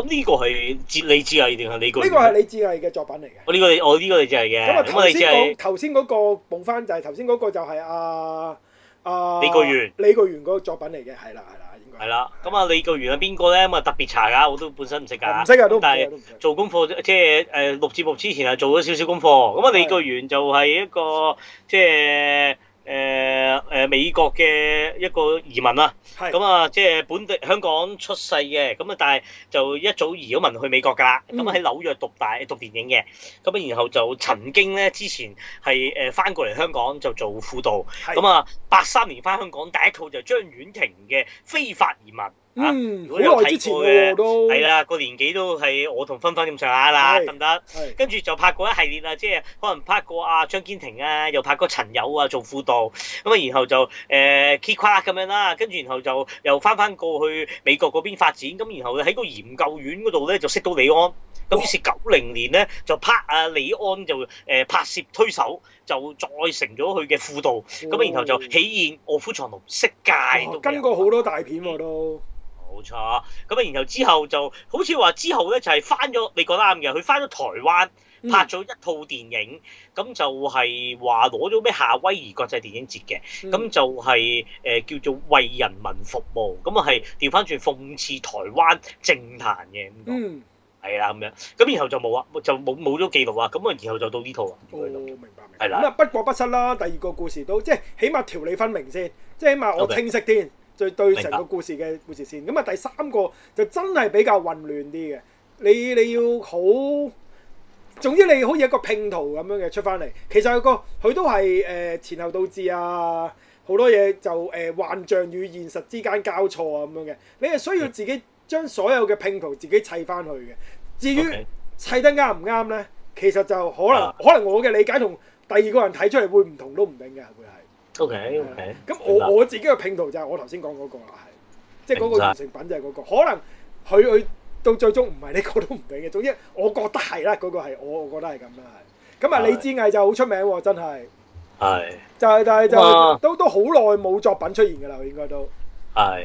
係咁呢個係李志毅定係李國？呢個係李志毅嘅作品嚟嘅。我呢個我呢個李志毅嘅。咁啊頭先嗰頭先嗰個報翻就係頭先嗰個就係啊啊李國元李國元個作品嚟嘅，係啦係啦，應該係啦。咁啊李國元係邊個咧？咁啊特別查噶，我都本身唔識噶，唔識噶都。但係做功課即係誒錄節目之前啊，做咗少少功課。咁啊李國元就係一個即係。誒誒、呃呃、美國嘅一個移民啦、啊，咁是的 啊即係本地香港出世嘅，咁啊但係就一早移咗民去美國㗎啦，咁喺、嗯啊、紐約讀大讀電影嘅，咁啊然後就曾經咧之前係誒翻過嚟香港就做輔導，咁是的 啊八三年翻香港第一套就張婉婷嘅非法移民。嗯， [music] 如果有睇過嘅，好耐之前我都係啦，個年紀都係我同芬芬咁上下啦，得唔得？跟住就拍過一系列啦，即係可能拍過阿、啊、張堅庭啊，又拍過陳友啊做副導，咁啊然後就誒 KQA 咁樣啦，跟住然後就又翻翻過去美國嗰邊發展，咁然後喺個研究院嗰度咧就識到李安，咁、哦、於是九零年咧就拍阿李安就誒拍攝推手，就再成咗佢嘅副導，咁然後就起演臥虎藏龍、色戒哇》。跟過好多大片喎都。冇錯，咁啊，然後之後就好似話之後咧就係返咗，你講得啱嘅，佢返咗台灣拍咗一套電影，咁、嗯、就係話攞咗咩夏威夷國際電影節嘅，咁、嗯、就係、是、誒、呃、叫做為人民服務，咁啊係掉返轉諷刺台灣政壇嘅，那個、嗯，係啦咁樣，咁然後就冇啊，就冇冇咗記錄啊，咁啊，然後就到呢套啊，哦，明白，係啦的，咁啊、嗯、不過不失啦，第二個故事都即係起碼條理分明先，即係起碼我清晰啲。就對成個故事嘅故事線。咁啊第三個就真係比較混亂啲嘅，你你要好，總之你好似一個拼圖咁樣嘅出翻嚟，其實有個佢都係誒、呃、前後導致啊，好多嘢就誒、呃、幻象與現實之間交錯啊咁樣嘅，你係需要自己將所有嘅拼圖自己砌翻去嘅。至於砌得啱唔啱呢？其實就可能 Okay. 可能我嘅理解同第二個人睇出嚟會唔同都唔定嘅。O K，咁我我自己嘅拼圖就係我頭先講嗰個啦，係白即係嗰個完成品就係嗰、嗰個，白可能佢去到最終唔係呢個都唔定嘅，總之我覺得係啦，嗰、嗰個係我我覺得係咁啦，係咁啊李志毅就好出名喎，真係係白就係但係就係就係、哇都都好耐冇作品出現噶啦，佢應該都係。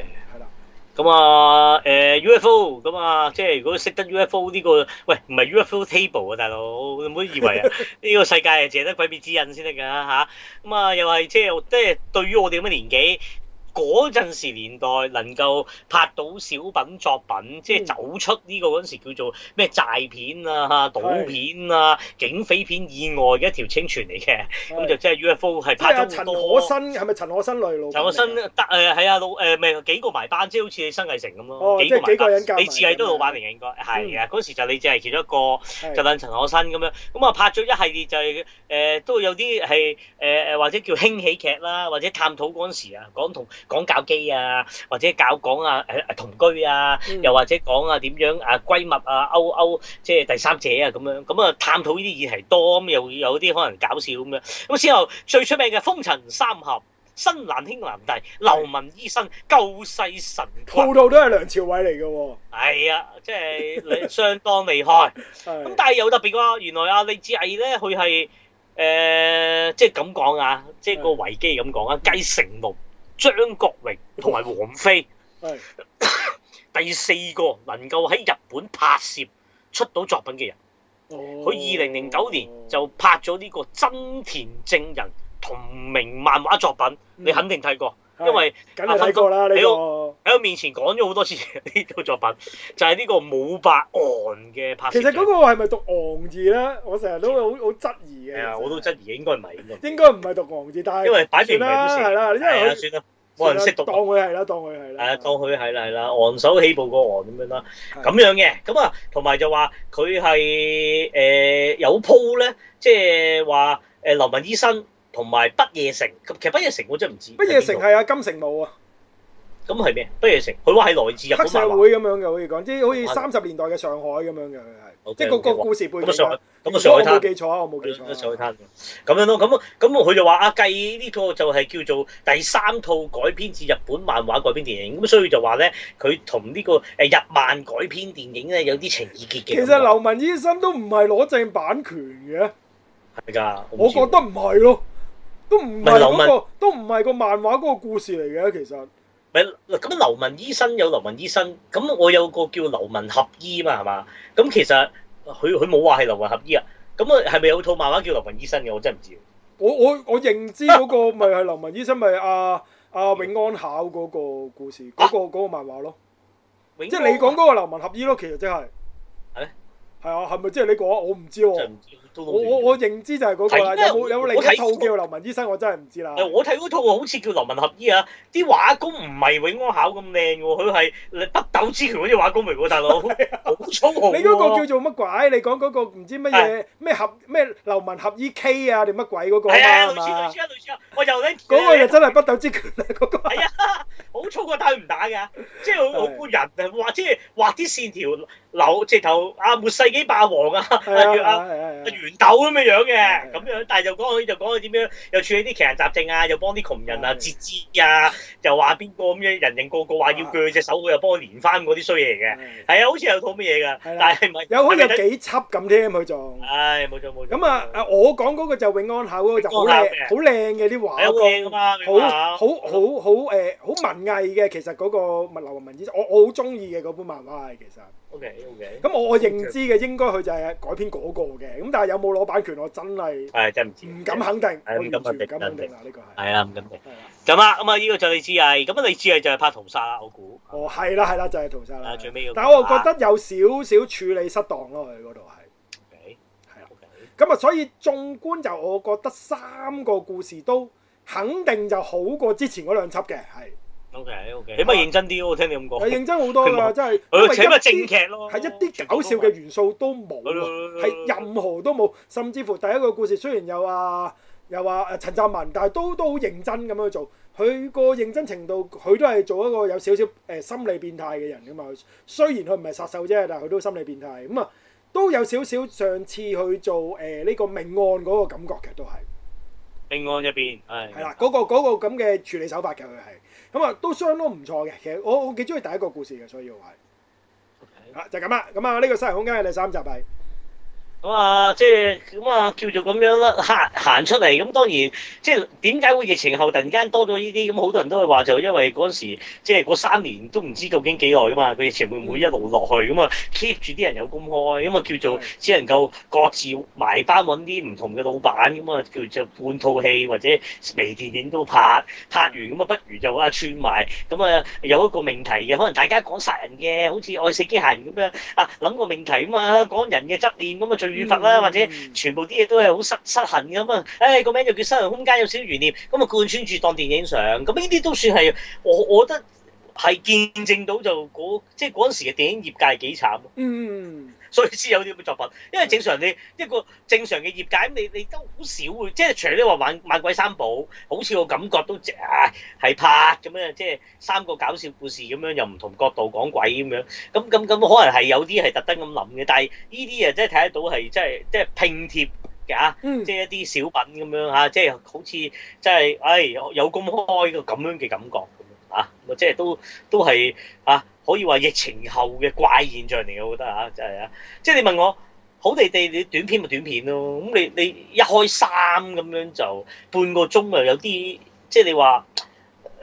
咁啊，誒、呃、UFO 咁啊，即係如果識得 UFO 呢、呢個喂，唔係 UFO table 啊，大佬，你唔好以為啊，呢 [laughs] 個世界係淨係得鬼滅之刃先得㗎吓。咁啊，又係即係即係對於我哋咁嘅年紀。嗰陣時年代能夠拍到小品作品，即係走出呢個嗰陣時叫做咩債片啊、賭片啊、警匪片以外嘅一條清泉嚟嘅，咁的就即係 UFO 係拍咗好多陳可辛，係咪陳可辛嚟路？陳可辛得誒係啊老誒，咪、呃？係幾個埋班，即係好似你新藝城咁咯。哦，即係幾，幾個人夾？你設計都老闆嚟嘅應該係啊，嗰陣的的時就你只係其中一個，就等陳可辛咁樣。咁、嗯、啊、嗯、拍咗一系列就係、是、誒，都有啲係誒誒，或者叫輕喜劇啦，或者探討嗰陣時啊講同。講搞基啊，或者搞講,講啊，誒誒同居啊，又或者講啊點樣啊閨蜜啊勾勾，即係第三者啊咁樣咁啊，探討呢啲議題多咁，又有啲可能搞笑咁樣咁。之後最出名嘅《風塵三俠》、《新難兄難弟」、「流氓醫生》是、《救世神棍》，套套都係梁朝偉嚟嘅喎。係啊，即、就、係、是、相當厲害。咁 [laughs] 是但係有特別咯、啊，原來阿李志毅咧，佢係誒即係咁講啊，呃、即係、啊就是、個維基咁講啊，雞成木。張國榮同埋王菲， [laughs] 第四個能夠喺日本拍攝出到作品嘅人，佢二零零九年就拍咗呢個真田正人同名漫畫作品，你肯定睇過。因為梗睇過啦，你喺我面前講咗好多次呢個作品，就係呢個《冇白昂》嘅拍攝。其實嗰個係咪讀岸字咧？我成日都好好質疑嘅。係啊，我都質疑，應該唔係應該。應該唔係讀岸字，但係因為擺明啦，係啦，因為算啦，冇人識讀。當佢係啦，當佢係啦。誒，當佢係啦，係啦，昂首起步個昂咁樣啦，咁樣嘅咁啊，同埋就話佢係誒有鋪咧，即係話誒流氓醫生。同埋不夜城，其實不夜城我真係唔知。不夜城係啊，金城武啊。咁係咩？不夜城，佢話係來自日本黑社會咁樣嘅，可以講啲好似三十年代嘅上海咁樣嘅係。即係個個故事背景。咁個上海，我冇記錯啊，我冇記錯。咁個上海灘。咁樣咯，咁咁佢就話啊，繼呢個就係叫做第三套改編自日本漫畫改編電影，咁所以就話咧，佢同呢個誒日漫改編電影咧有啲情意結。其實劉文醫生都唔係攞正版權嘅。係㗎，我覺得唔係咯。都唔係嗰個，劉文都唔係個漫畫嗰個故事嚟嘅。其實，咪咁劉文醫生有劉文醫生，咁我有個叫劉文合醫啊嘛，係嘛？咁其實佢佢冇話係劉文合醫啊？咁啊係咪有套漫畫叫劉文醫生嘅？我真係唔知我。我我我認知嗰個咪係劉文醫生，咪阿阿永安考嗰個故事，嗰個、嗰個、嗰個漫畫咯，啊、永即係你講嗰個劉文合醫咯，其實即、係、係、咧。係啊，係咪即係呢個？我唔知喎，我我我認知就係嗰個啦。有冇有冇另一套叫劉文醫生？我真係唔知啦。我睇嗰套好似叫劉文合醫啊。啲畫工唔係永安考咁靚喎，佢係北斗之拳嗰啲畫工嚟嘅，大佬好粗。你嗰個叫做乜鬼？你講嗰個唔知乜嘢咩合咩劉文合醫 K 啊？定乜鬼嗰個？係啊，類似類似啊類似啊，我又想。嗰個就真係北斗之拳啊！嗰個係啊，好粗個打，佢唔打嘅，即係好酷人或者即係畫啲線條扭直頭啊，自己霸王啊，跟住啊，圓豆咁嘅樣嘅，咁樣，但係就講佢就講佢點樣，又處理啲奇人雜症啊，又幫啲窮人啊節支啊，又話邊個咁樣，人人個個話要鋸隻手，佢又幫我連翻嗰啲衰嘢嚟嘅，係啊，好似有套乜嘢㗎，但係唔係有好有幾輯咁啫，佢仲，唉，冇錯冇錯。咁啊我講嗰個就永安校嗰個就好靚好靚嘅啲畫，好好好好好誒，好文藝嘅，其實嗰個物流文先我我好中意嘅嗰本漫畫啊，其實。O K，O K，咁我認知嘅應該佢就係改編嗰個嘅，咁但係有冇攞版權我真係，係真唔知，唔敢肯定，係唔敢肯定，唔敢肯定啦呢個係，係啦，唔敢定，咁啦，咁啊，依個就李志毅啊，咁啊，李志毅啊就係拍屠殺啦，我估，哦，係啦，係啦，就係屠殺啦，啊，最尾要，但係我覺得有少少處理失當咯，佢嗰度係，係，係，OK，咁啊，所以縱觀就我覺得三個故事都肯定就好過之前嗰兩輯嘅，係。O.K.，O.K.，起碼認真啲咯，我聽你咁講。係認真好多噶，真係。因為正劇咯。係一啲搞笑嘅元素都冇，係任何都冇。甚至乎第一個故事雖然又話又話誒陳澤文，但係都都好認真咁樣做。佢個認真程度，佢都係做一個有少少誒心理變態嘅人噶嘛。雖然佢唔係殺手啫，但係佢都心理變態。咁啊，都有少少上次去做誒呢個命案嗰個感覺嘅都係。命案入邊係係啦，嗰個嗰個咁嘅處理手法嘅佢係。咁啊，都相當唔錯嘅。其實我我幾中意第一個故事嘅，所以我係 Okay. 啊，就係咁啦。咁啊，呢個失衡凶間係第三集係。咁啊，即係咁啊，叫做咁樣啦，行行出嚟。咁、嗯、當然，即係點解會疫情後突然間多咗呢啲？咁、嗯、好多人都會話就因為嗰時，即係嗰三年都唔知究竟幾耐㗎嘛。佢疫情會唔會一路落去？咁啊，keep 住啲人有工開，咁、嗯、啊叫做、嗯、只能夠各自埋班，揾啲唔同嘅老闆，咁、嗯、啊叫做半套戲或者微電影都拍。拍完咁啊、嗯，不如就串、嗯、啊串埋。咁啊有一個命題嘅，可能大家講殺人嘅，好似愛死機械人咁樣啊，諗個命題啊嘛，講人嘅執念咁啊最預發啦，嗯、或者全部啲嘢都係好失失衡咁嘛。誒、哎、個名就叫失衡凶間，有少少懸念，咁啊貫穿住當電影上，咁呢啲都算係我我覺得係見證到就嗰即係嗰陣時嘅電影業界幾慘。嗯。 [laughs] 所以先有啲咁嘅作品，因為正常你一個正常嘅業界，你你都好少嘅，即係除咗話玩《萬鬼三寶》，好似我感覺都係拍咁樣，即、哎、係三個搞笑故事咁樣，又唔同角度講鬼咁樣。咁咁咁可能係有啲係特登咁諗嘅，但係呢啲啊真係睇得到係即係即係拼貼嚇，即係一啲小品咁樣嚇，即係好似即係唉有咁開個咁樣嘅感覺嚇，咁啊即係都都係嚇。可以話疫情後嘅怪現象嚟嘅，我覺得嚇，真係啊！即係你問我，好地地，你短片咪短片咯。咁你你一開三咁樣就半個鐘啊，有啲即係你話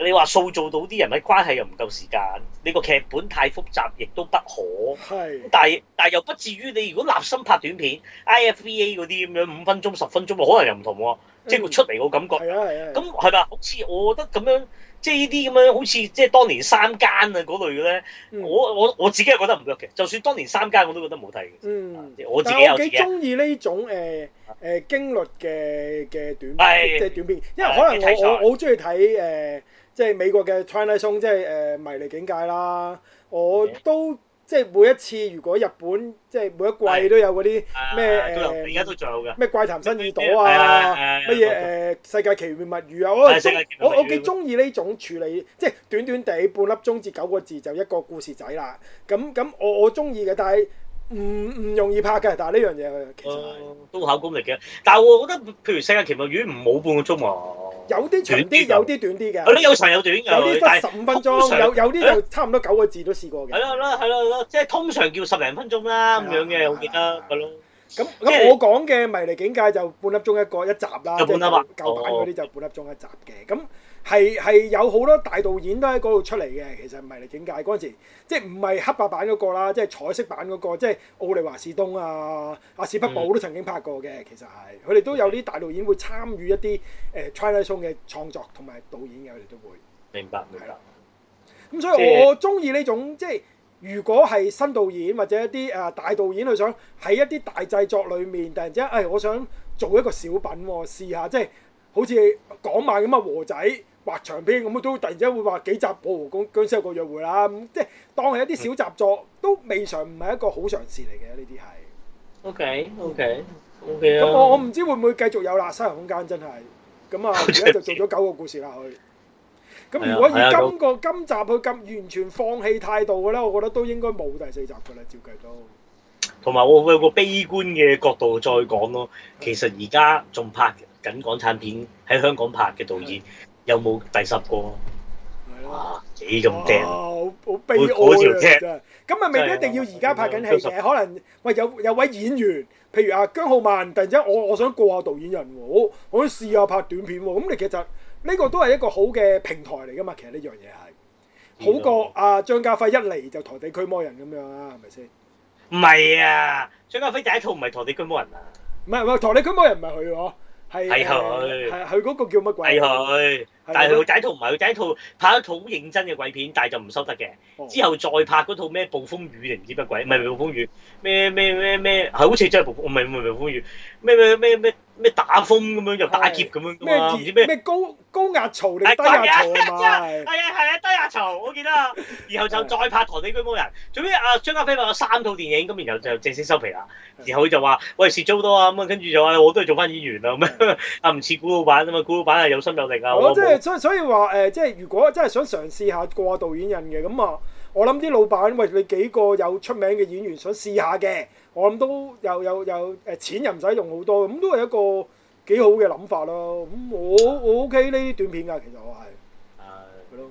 你話塑造到啲人物關係又唔夠時間，你個劇本太複雜亦都不可。係。但係但係又不至於你，你如果立心拍短片，IFVA 嗰啲咁樣五分鐘、十分鐘，可能又唔同喎、啊。嗯、即係出嚟個感覺。係啊係啊。咁係咪好似我覺得咁樣。即係呢啲咁樣，好似即係當年三間啊嗰類嘅咧、嗯，我我我自己係覺得唔得嘅。就算當年三間，我都覺得唔好睇嘅。嗯，我自己幾中意呢種誒誒、呃、驚慄嘅嘅短片，的即係短片，的因為可能我的我好中意睇誒，即係美國嘅《Twilight Zone》，即係誒、呃《迷離境界》啦，我，的我都。即係每一次，如果日本即係每一季都有嗰啲咩誒，而家的麼都仲有嘅咩、呃、怪談新耳朵啊，乜嘢誒世界奇妙物語啊，我我我幾中意呢種處理，即係短短地半粒鐘至九個字就一個故事仔啦。咁咁我我中意嘅，但係唔唔容易拍嘅。但係呢樣嘢其實都好考功力嘅。但係我覺得譬如世界奇妙物語唔冇半個鐘啊。有啲長啲，有啲短啲嘅。有啲有長有短嘅。有啲十五分鐘，有有啲就差唔多九個字都試過嘅。係咯，係咯，係咯，係咯，即係通常叫十零分鐘啦咁樣嘅，我記得係咯。咁咁我講嘅迷離境界就半粒鐘一個一集啦，即係舊版嗰啲就半粒鐘一集嘅。咁。係係有好多大導演都喺嗰度出嚟嘅，其實解《迷離境界》嗰陣時，即係唔係黑白版嗰個啦，即係彩色版嗰、嗰個，即係奧利華士東啊、阿史匹堡都曾經拍過嘅。其實係，佢哋都有啲大導演會參與一啲誒 Chinese Song 嘅創作同埋導演嘅，佢哋都會明白明白。咁所以我中意呢種即係，如果係新導演或者一啲誒、呃、大導演去想喺一啲大製作裏面，突然之間，誒、哎、我想做一個小品喎，試下即係。好似講埋咁啊，和仔畫長篇咁都突然之間會畫幾集《保護公殭屍有個約會》啦，咁即係當係一啲小習作都未嘗唔係一個好嘗試嚟嘅呢啲係。O K O K O K，咁我我唔知會唔會繼續有失衡凶間真係咁啊！而家就做咗九個故事啦佢。咁如果以今個今集去咁完全放棄態度嘅咧，我覺得都應該冇第四集嘅啦，照計都。同埋我會有個悲觀嘅角度再講咯。其實而家仲拍嘅緊港產片喺香港拍嘅導演有冇第十個？哇！幾咁驚，好悲哀啊！真係咁啊，未必一定要而家拍緊戲嘅，可能喂有有位演員，譬如阿姜皓文，突然之間我我想過下導演人喎，我我想試下拍短片喎，咁你其實呢個都係一個好嘅平台嚟㗎嘛，其實呢樣嘢係好過阿張家輝一嚟就陀地驅魔人咁樣啊，係咪先？唔係啊，張家輝第一套唔係陀地驅魔人啊，唔係唔係陀地驅魔人唔係佢啊。係佢，係佢嗰個叫乜鬼啊？係。但係佢第一套唔係佢第一套拍一套好認真嘅鬼片，但係就唔收得嘅。Oh. 之後再拍嗰套咩暴風雨定唔知乜鬼，唔係暴風雨，咩咩咩咩係好似真係暴風，唔係唔係暴風雨，咩咩咩咩咩打風咁樣又打劫咁樣，唔知咩咩高高壓槽定低壓槽啊！係啊係啊，低壓槽我記得啊。然後就再拍《陀地驅魔人》，總之啊張家輝拍咗三套電影咁，然後就正式收皮啦。然後佢就話：喂，蝕咗好多啊咁、哎、啊，跟住就話、哎、我都係做翻演員啦咁樣，啊唔似古老闆啊嘛，古老闆係有心有力啊， [laughs] 所以所以話誒，即、呃、係如果真係想嘗試下過下導演人嘅咁啊，我諗啲老闆，喂你幾個有出名嘅演員想試下嘅，我諗都又又又誒錢又唔使用好多，咁都係一個幾好嘅諗法咯。咁我我 OK 呢段片㗎，其實我係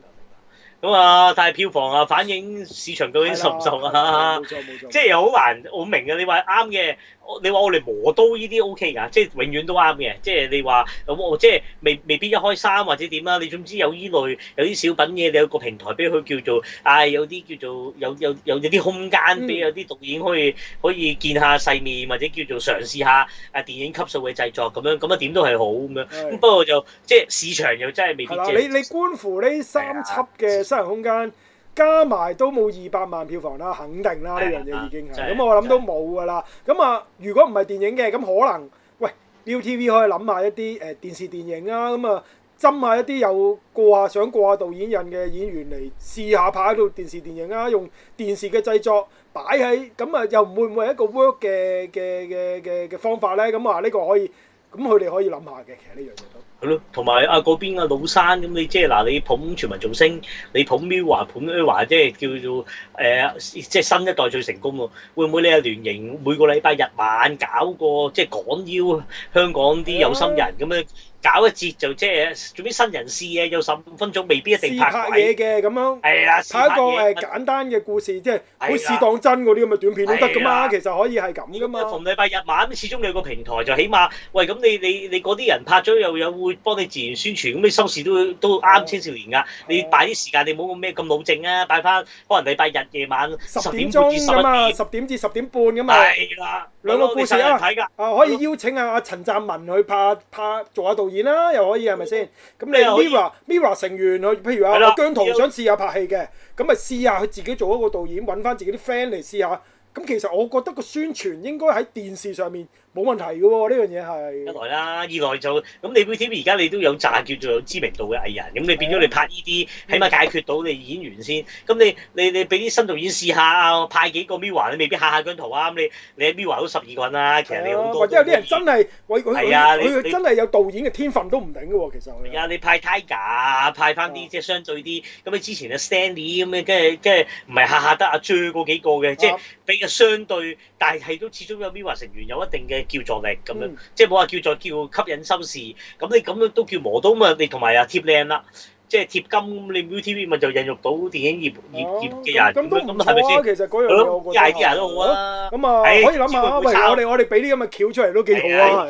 誒，咁啊，但係、嗯、票房啊，反映市場究竟熟唔熟啊？冇錯冇錯，錯 [laughs] 即係又好難好明嘅。你話啱嘅。你話我哋磨刀呢啲 O K 㗎，即係永遠都啱嘅。即係你話咁我即係未未必一開三或者點啦、啊。你總之有依類有啲小品嘢，你有個平台俾佢叫做，啊、哎、有啲叫做有有有啲空間俾有啲導演可以可以見下世面或者叫做嘗試下啊電影級數嘅製作咁樣，咁啊點都係好咁樣。咁的不過就即係市場又真係未必、就是、你你觀乎呢三級嘅生存空間。加埋都冇二百萬票房啦，肯定啦呢的樣嘢已經係，咁的，我諗都冇噶啦。咁啊，如果唔係電影嘅，咁可能喂 ViuTV 可以諗下一啲誒、呃、電視電影啊。咁啊，斟下一啲有過下想過下導演印嘅演員嚟試下拍一套電視電影啊，用電視嘅製作擺喺咁啊，又唔會唔係一個 work 嘅嘅嘅嘅嘅方法咧。咁啊，呢、這個可以咁佢哋可以諗下嘅，其實呢樣嘢。係咯，同埋啊嗰邊啊老山咁你即係嗱你捧全民造星，你捧 MIRROR 捧 MIRROR 即係叫做誒、呃，即係新一代最成功喎，會唔會你啊聯營每個禮拜日晚搞個，即係廣邀香港啲有心人咁樣。嗯搞一節就即係，做啲新人試嘅，有十五分鐘未必一定拍嘢嘅咁樣。係啊，的拍，拍一個誒簡單嘅故事，即係的好似試當真嗰啲咁嘅短片都得噶嘛。的其實可以係咁噶嘛。逢禮拜日晚，始終你有個平台就起碼，喂，咁你你你嗰啲人拍咗又有會幫你自然宣傳，咁你收視都都啱青少年噶。哦、你擺啲時間，你冇咩咁老正啊，擺翻可能禮拜日夜晚十點鐘至十一點，十點至十點半咁嘛。係啦。兩個故事啦、啊啊，啊可以邀請啊啊陳湛文去拍拍做下導演啦、啊，又可以係咪先？咁、嗯、你 Mirror Mirror 成員，去，譬如啊姜濤想試下拍戲嘅，咁咪了試下佢自己做一個導演，揾翻自己啲 friend 嚟試下。咁其實我覺得個宣傳應該喺電視上面。冇問題嘅喎、哦，呢樣嘢係一來啦，二來就咁你 VTV 而家你都有扎叫做有知名度嘅藝人，咁、嗯、你變咗你拍呢啲，起碼解決到你演員先。咁你你你俾啲新導演試下啊，派幾個 MIRROR，你未必下下姜濤啱你。你 MIRROR，都十二個人啦，其實你好多。因有啲人真係，我啊，佢真係有導演嘅天分都唔定嘅喎，其實。呀你、啊，你派 Tiger 派翻啲即係相對啲。咁你之前嘅 Stanley 咁樣，跟住跟住唔係下下得啊，J 個、er、幾個嘅，即係比較相對，但係都始終有 MIRROR，成員有一定嘅。叫助力咁樣，嗯、即係冇話叫做叫吸引心事。咁你咁樣都叫磨刀嘛？你同埋啊貼靚啦，即係貼金，你你 U T V 咪就引入到電影業，業業幾廿年咁都唔錯啊，咪先？啊！啊吧其實嗰樣嘢我覺得，大啲人都好啊。咁啊、哎，可以諗下咪我哋我哋俾啲咁嘅橋出嚟都幾好啊！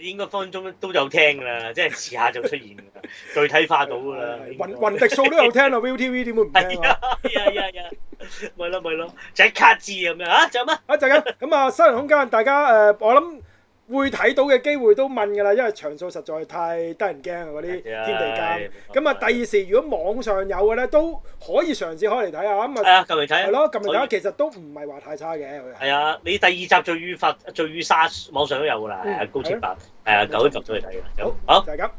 應該分分鐘都有聽㗎啦，即係時下就出現㗎啦， [laughs] 具體化到㗎啦。 [laughs] 雲雲迪數都有聽啦 [laughs] ，ViuTV 點會唔聽 [laughs] 啊？係啊係啊係。咪咯咪咯，就係卡字咁樣啊？仲有咩？啊仲有咁啊新人空間，大家誒、呃、我諗。會睇到嘅機會都問㗎啦，因為場數實在太得人驚嗰啲天地間。咁啊，第二時如果網上有嘅咧，都可以嘗試開嚟睇下。咁啊，啊，近嚟睇係咯，近嚟睇其實都唔係話太差嘅。係啊，你第二集最雨佛最雨沙網上都有㗎啦，高清白，係啊，九一集都嚟睇嘅啦。好，就係噉。